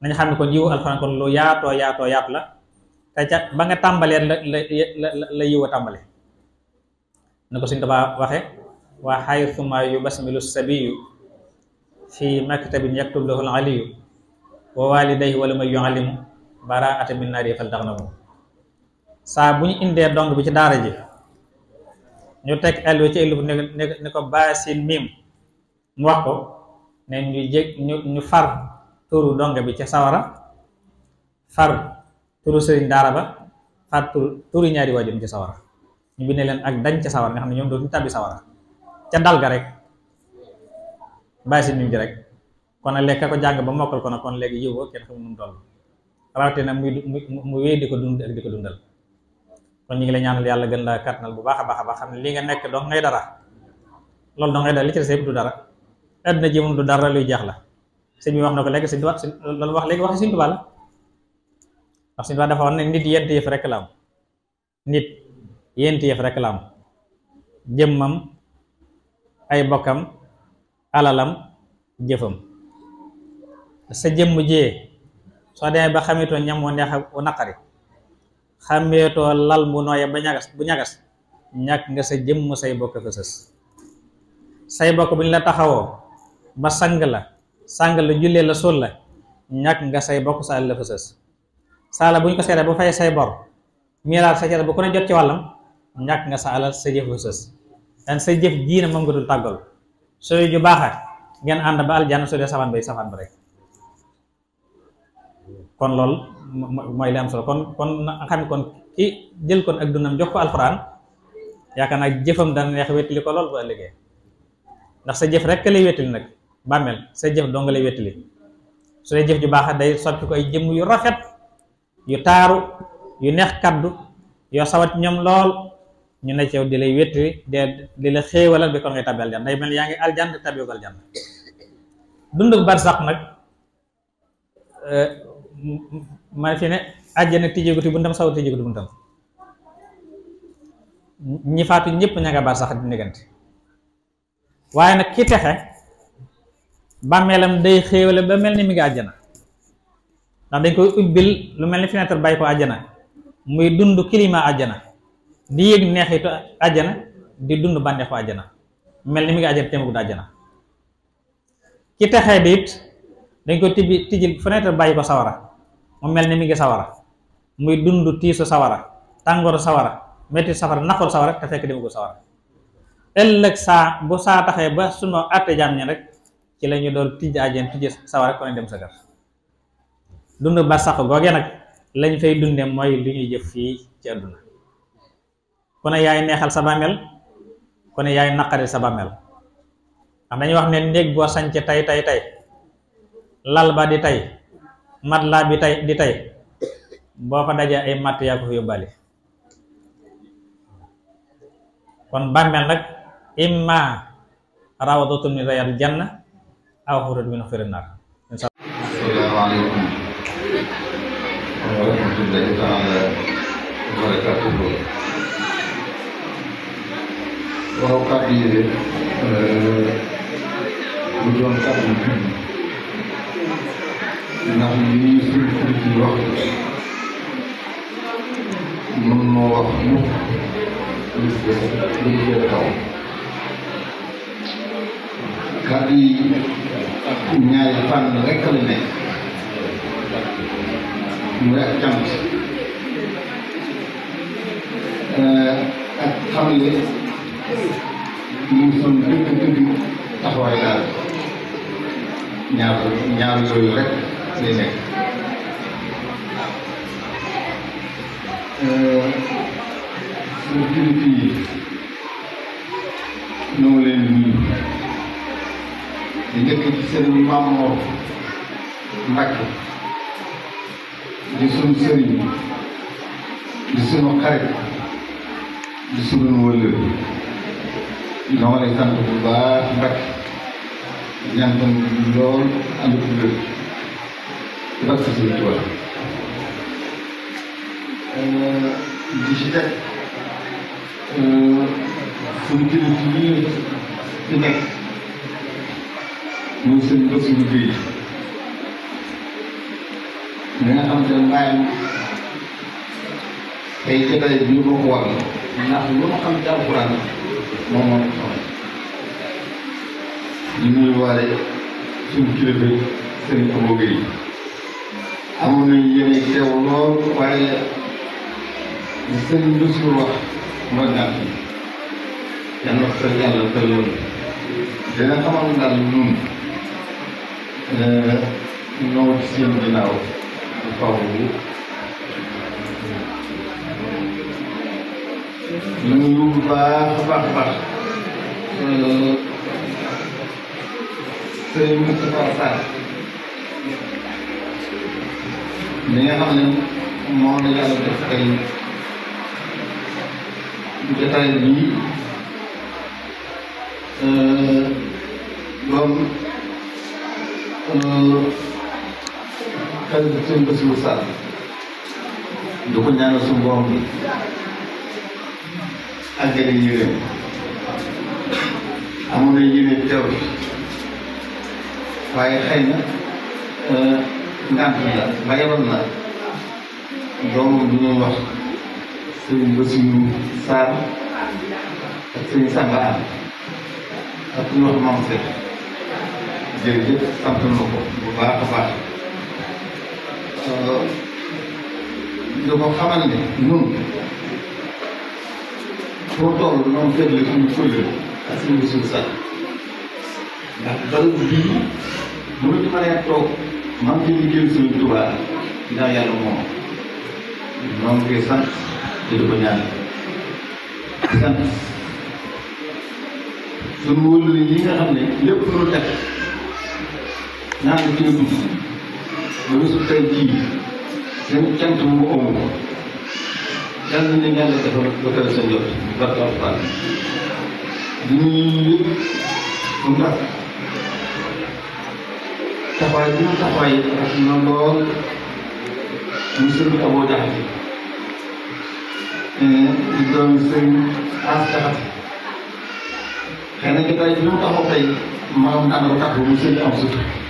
nañu xam ne kon yiwu alxuraan kon lu yaatoo yaatoo yaatu la te ca ba nga tàmbalee la la yiw a tàmbale na ko suñ tabaa waxe waa xaytuma yubasmilu sabiyu fi maktabin yaktub lahu aliyu wa walidayhi wala may yuallimu baraata min naari fal taxnamu saa bu ñu indee dong bi ci daara ji ñu teg alwe ci ëllëg ne ko baasin miim mu wax ko ne ñu jég ñu ñu far turu donga bi ca sawara far turu sëriñ daara ba far turu ñaari waajur ca sawara ñu bind leen ak dañ ca sawara nga xam ne ñoom dootuñu tàbbi sawara ca dal rek bàyyi si ji rek kon nag lekk ko jàng ba mokkal ko na kon léegi yiw ko kenn xamul nu mu toll rawatina muy mu wéy di ko dund di ko dundal kon ñu ngi lay ñaanal yàlla gën la kattanal bu baax a baax a baax xam ne li nga nekk doo ngay dara loolu doo ngay li ci des dara àdduna ji du dara luy jeex la sëñ bi wax na ko léegi si Tuubaa loolu wax léegi wax sëñ Tuubaa la wax sëñ Tuubaa dafa wax ne nit yent yëf rek la am jëmmam ay bokkam alalam jëfam sa jëmm jee soo demee ba xamitoo ñam wu neex wu naqari xameetoo lal bu nooye ba ñagas bu ñagas ñàkk nga sa jëmm say bokk fësës say bokk bu ñu la taxawoo ba sang la sang la jullee la sol la ñàkk nga say bokk sa àll la fa sës saala bu ñu ko seetee bu fay say bor miiraat sa cere bu ko jot ci wàllam ñàkk nga sa sa jëf fa sës dan sa jëf jiina moom nga dul soo sooy ju baaxat ngeen ànd ba aljanna su dee safaan bay safaan ba rek kon loolu mooy li am solo kon kon na xam kon ki jël kon ak dundam jox ko alxuraan yaakaar naa jëfam dana neex wétali ko lool bu ëllëgee ndax sa jëf rek lay wétali nag bàmmeel say jëf doo nga lay wettali su dee jëf ju baax day soppi ko ay jëmm yu rafet yu taaru yu neex kaddu yoo sawat ñoom lool ñu ne ci yow di lay wettali de di la xéewalal bi kon ngay tabi aljan day mel yaa ngi aljan di tabi aljan dundug sax nag eh, ma fi ne àjjana tijjeeguti buntam saw tijjeeguti buntam ñi faatu ñëpp ña nga barsax diggante waaye nag ki texe bàmmeelam day xéewale ba mel ni mi ngi àjjana ndax dañ koy ubbil lu mel ni fenêtre bàyyi ko àjjana muy dund climat àjjana di yëg neexitu àjjana di dund bànneexu àjjana mel ni mi ngi àjjana téemagudu àjjana ki texee di it dañ koy tibbi tijjil fenêtre bàyyi ko sawara mu mel ni mi ngi sawara muy dund tiisu sawara tàngooru sawara metti safara naqoor sawara te fekk demagudu sawara ëllëg saa bu saa taxee ba sunu àtte jaam ñi rek ci la doon door tijj àjjana tijj sawara ko ne dem sa kër dund ba sax googee nag lañ fay dunde mooy lu ñuy jëf fii ci àdduna ku ne yaay neexal sa bàmmeel ku ne yaay naqari sa bàmmeel am dañuy wax ne néeg boo sañc tey tey tey lal ba di tey mat laa bi tey di tey boo fa dajee ay matt yaa ko fi yóbbaale kon bàmmeel nag imma rawdatun min riyadil janna aw xurat min xufri naar asalaamaaleykum wa rahmatullahi taala wa barakatuhu waaw kàddu yi de bu doon kàddu ndax lii suñ ci wax mën kaw kàddu ñaari fànn rekk la nekk muy ak cant ak xamle muy son dëgg dëgg taxawaay daal ñaar ñaar yooyu rek lay nekk leen di dëkk ci sëriñ Maam di sunu sëriñ di sunu xarit di sunu wëllëg ñoo lay sant bu baax Mbacke ñaan ko lool ànd ku wér di bàq si suñu tool euh, di ci teg euh, suñu kilifa yi fi nekk. muy sëñ Bassirou Guèye mi nga xam te ne bàyyam tey jotaay bi moo ko war ndax lu ma xam ci alxuraan moom moo ko xam ñu muy waale suñu kilifa sëñ Abo Guèye amoon nañu yéene teew lool waaye wax mooy naat yi yàlla wax sa yàlla sa loolu ñëw ci seen ginnaaw ci kaw bi nuyu bu baax a baax a baax sëriñ Moustapha Sarr li nga xam ne moo la yàlla def tey jotaay bi doom kër seen Bassirou Sall du ko ñaanal suñu borom bi ak gën a yéwén amoon na yéwén teew waaye xëy na euh, ngant la bayaloon na doomam du ñuy wax sëriñ Bassirou Sall ak sëriñ Samba Am ak ku ñuy wax Mame Seck jërëjëf sant na ko bu baax a baax da euh, ko xamal ne ñun pour toll noonu fekk la suñu fële ak suñu suñu sax ndax dal bii mënu ci mënee toog man ci liggéeyal suñu Tuubaa ndax yàlla moom ñoo ngi koy sant te ko ñaan sant suñu yi nga xam ne lépp lu teg ñaan nga cee dugg ba bisu tey jii seen cant mu ëmb ko yàlla na leen yàlla defal ba kër sa jot barke alxuraan di nuyu yëpp ndax taxawaay bi mu taxawaay ak na lool mu sëriñ Aboo Jaxate eh, di doomi sëriñ As Jaxate xëy na jotaay bi mu taxaw tey maam naa ko taxaw mu sëriñ am sutura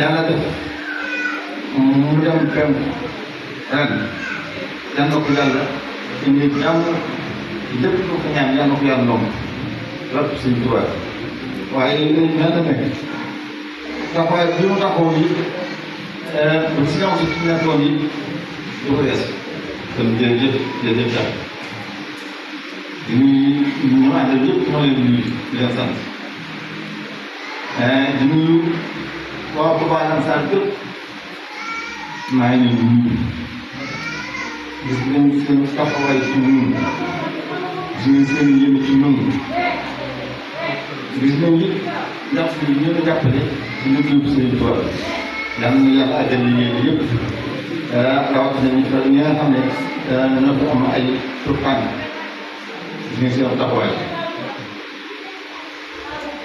yàlla def mu dem fenn ren yal na ko yàlla indi jàmm lépp lu ko ñaan yal na ko yàlla nangu lépp suñ tubaab waaye léegi mel na ne taxawaay bi mu taxaw yi bu si ñëw si ci nekkoon yi du ko des kon jërëjëf jërëjëf jàpp ñuy ñu àndal yëpp moo di leen waaw Papa Alam Sarr Diop maa ngi leen di nuyu gis nañ seen taxawaay ci ñun gis nañ seen yéene ci ñun gis nañ it ndax ñu ñëw a jàppale ci liggéey bi seen tool ndax ñu yàlla àggali yéene yëpp ah, rawatina ñu toll ñi nga xam ne ah, dana fa am ay turkaan gis nañ seen taxawaay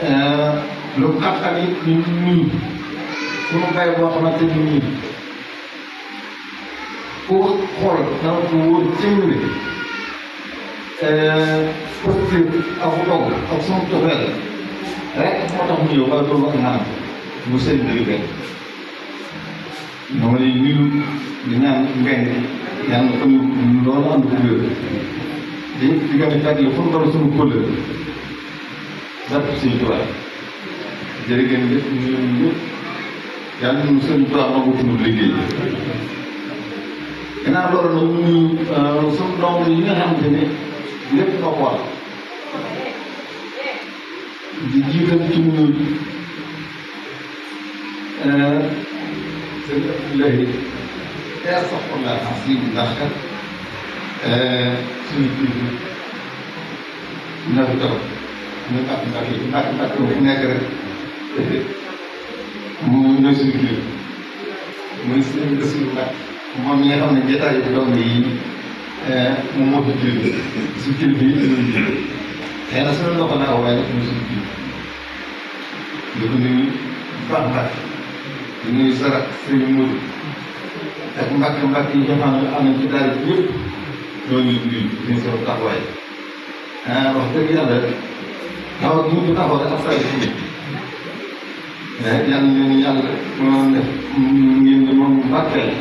ah, lu xat-xat yi ñu lu mu bay boo xamante ni nii ku xool da nga ko wóor eh, rek moo tax mu ñëw wala loolu ak naan mu seen bi benn ñoo ngi lay nuyu di ñaan mbéy mi yàlla na ko ñu loolu am ko wér di di nga fekk la fu mu doon suñu kóllëre dàpp suñu tubaab jërë ngeen jëf ñun ñëpp yàlla nañu sëriñ Tuubaa nangu suñu liggéey ginnaaw loolu nag ñu euh, suñu ndongo yi nga xamante ne lépp noo ko wax di jiital ci mu euh, sëñ Abdoulaye teel sax kon laa xam si ndax kat suñu kii bi dina fi toog ñu mbàkk mbàkk yi mbàkk mbàkk bu nekk rek mu ñooy suñu kilifa muy sëñ Bassirou Mbacke moom mi nga xam ne jotaayu dong yi moom moo fi kilifa suñu kilifa yi dañoo kilifa xëy na suñu loxo naa ko waaye muy suñu kilifa di ko nuyu baax Mbacke di nuyu Sara sëñ Modou ak Mbacke Mbacke yi nga xam ne am nañ ci daara yëpp ñoo ngi nuyu suñu solo taxawaay ah wax dëgg yàlla taxaw bi mu taxaw rek ak saa yu yàlla nañu yàlla moom def ngeen di moom mbàkkale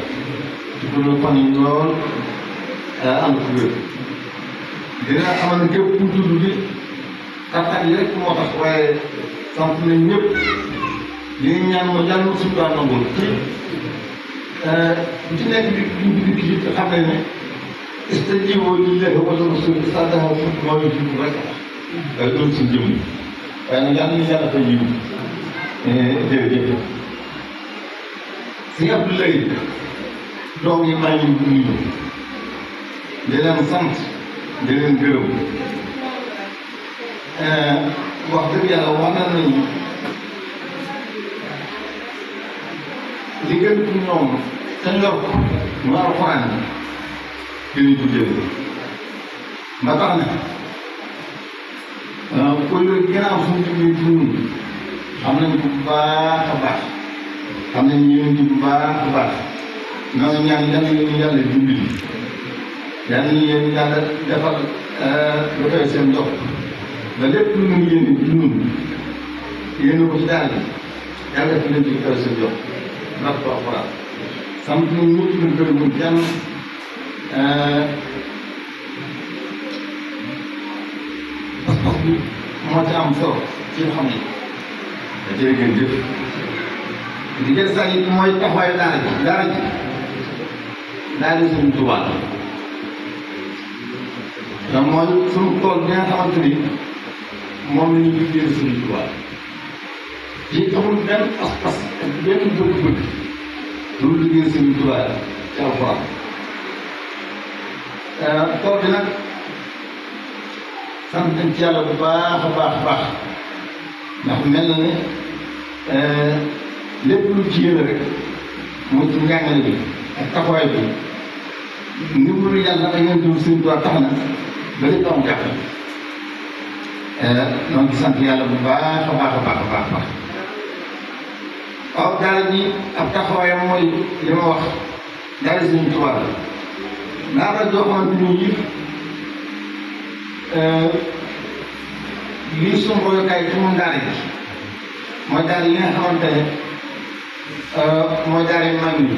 di ko doon fan yi lool am na fi dina amal képp ku tudd bi xat-xat yi rek moo tax waaye sant nañ ñëpp li ñu ñaan mooy yàlla suñu doon nangul ci bu ci nekk di di di kii te xam ne ne istajiibuu lillaahi wa lirrasuuli izaa da'aakum limaa yuhyiikum rek loolu suñu jëm waaye nag yàlla nañu yàlla fay yiw jërëjëf si ab lëy doom yi maa ngi nuyu di leen sant di leen gërëm wax dëgg yàlla wax na nañu li gën ci ñoom te ñor ko mu alxuraan bi dañuy tuddee ba tax na kuy gannaaw suñu tuddee ci xam nañ ko bu baax a baax xam nañ yonent bu baax a baax ñoo ngi ñaan yàlla yéen yàlla dimbali yàlla yéen yàlla defal euh, lu koy seen dox ba lépp lu mu yéene ci ñun yéene ko ci daal yàlla def leen ci lu koy seen dox ndax ko alquran sant ñu ñëpp ñu gën ñu kenn parce que moo ci am solo ci xam ne da cee gën jëf li ngeen sax it mooy taxawaayu daara ji daara ji daara ji suñu Tuubaa la mooy suñu tool bi nga ni moom la ñu liggéeyal suñu Tuubaa ci amul benn pas-pas ak benn bëgg-bëgg lu liggéeyal suñu Tuubaa ci Alxuraan tool bi nag sant nañ ci bu baax a baax baax. ndax mel na ne euh, lépp lu ci yële rek mooy ci njàngale bi ak taxawaay bi ndimbalu yàlla ak yéen dugub seen tool tax na ba lépp am jafe euh, donc sant yàlla bu baax a baax a baax a baax a baax waaw daara ji ab taxawaayam mooy li ma wax daara Sëriñ Tuubaa la daara joo xamante lii suñu royukaay ci moom daara ji mooy daara li nga euh, mooy daara mag ñi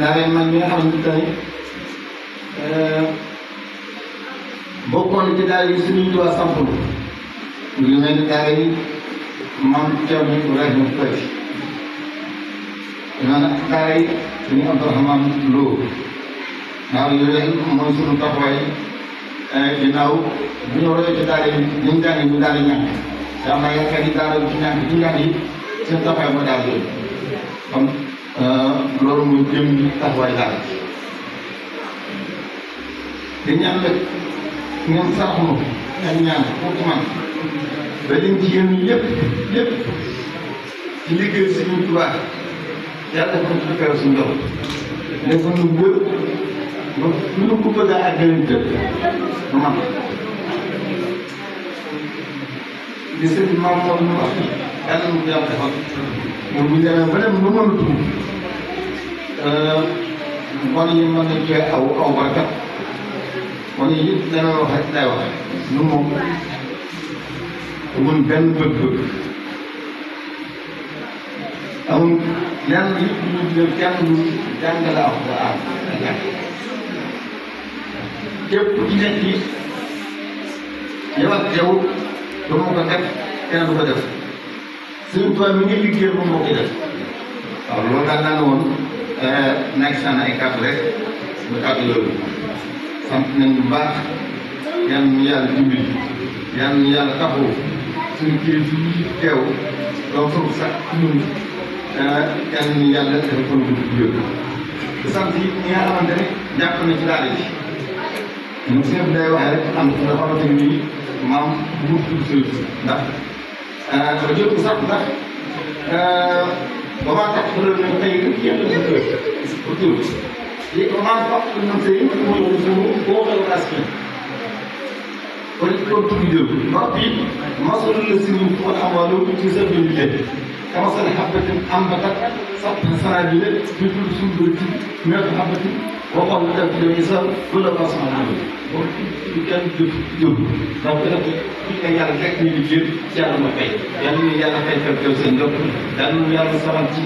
daara mag ñi nga xamante ne euh, bokkoon ci daara yi suñu tuwaa sampul ñu ngi mel ni daara yi maam Thiaw bi wala ñu koy maanaam daara yi suñu Abdourahmane Lo daara yooyu mooy suñu taxawaay Eh, ginnaaw bu ñu royee ci daara yi dañu jàng ñu daal di ñàkk te am naa yaakaar ni daara ci ñàkk ci ñàkk yi seen taxawaay mooy daal yooyu kon eh, loolu mooy jëm ni taxawaay daal di ñaan nag ngeen saraxnu ak ñaan foofu man ba leen ci yéen yëpp yëpp ci liggéey suñu tubaab yàlla dafa ko ci kaw ba lu ma ko bëgg a àggali tëdd du man li sëñ bi maam moom ñu wax yàlla na ko yàlla defal moom bu demee ba dem ba mënatul mbon euh, yi mën aw aw barkat mbon yi yëpp dana wax nu moom amul benn bëgg-bëgg amul lenn yëpp ñu jël kenn ñu jàngale képp ci nekk ci yow ak yow dama ko def kenn du ko def Sëriñ Tuubaa mi ngi moo koy def waaw loolu daal eh, naa ne woon nekk saan ay kàddu mu kàddu loolu sant nañ baax yal na yàlla yal na yàlla taxawu suñu kii yi teew doo soog sax ñun eh, yal na yàlla defal ko lu gudd di sant yi ñi na ci daara ji ñun sëñ day waxee am na nga xamante ni mu tudd sëñ ndax ba euh, sax ndax ba maa tax ba doon tey rek a tudd ba tudd lii ba maa tax ba doon sëñ moo doon sëñ boo xel as bi kon kon tudd jël ba fii masoon na sëñ wala am wàllu ci كمثل حبة أنبتت سبع سنابل في كل سنبلة مئة حبة وقالت في الإنسان كل ما صنع عمل kenn jëf jëf donc nag fii nga yàlla rek ñu ngi jëm yàlla ma fay yàlla ñu yàlla fay fekk yow seen jot daal ñu yàlla saxal ci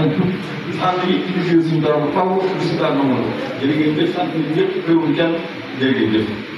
un tout sant yi utilisé suñu borom faw bisu daal ma mën jërë ngeen jëf sant ñëpp réewum jàll jërë ngeen jëf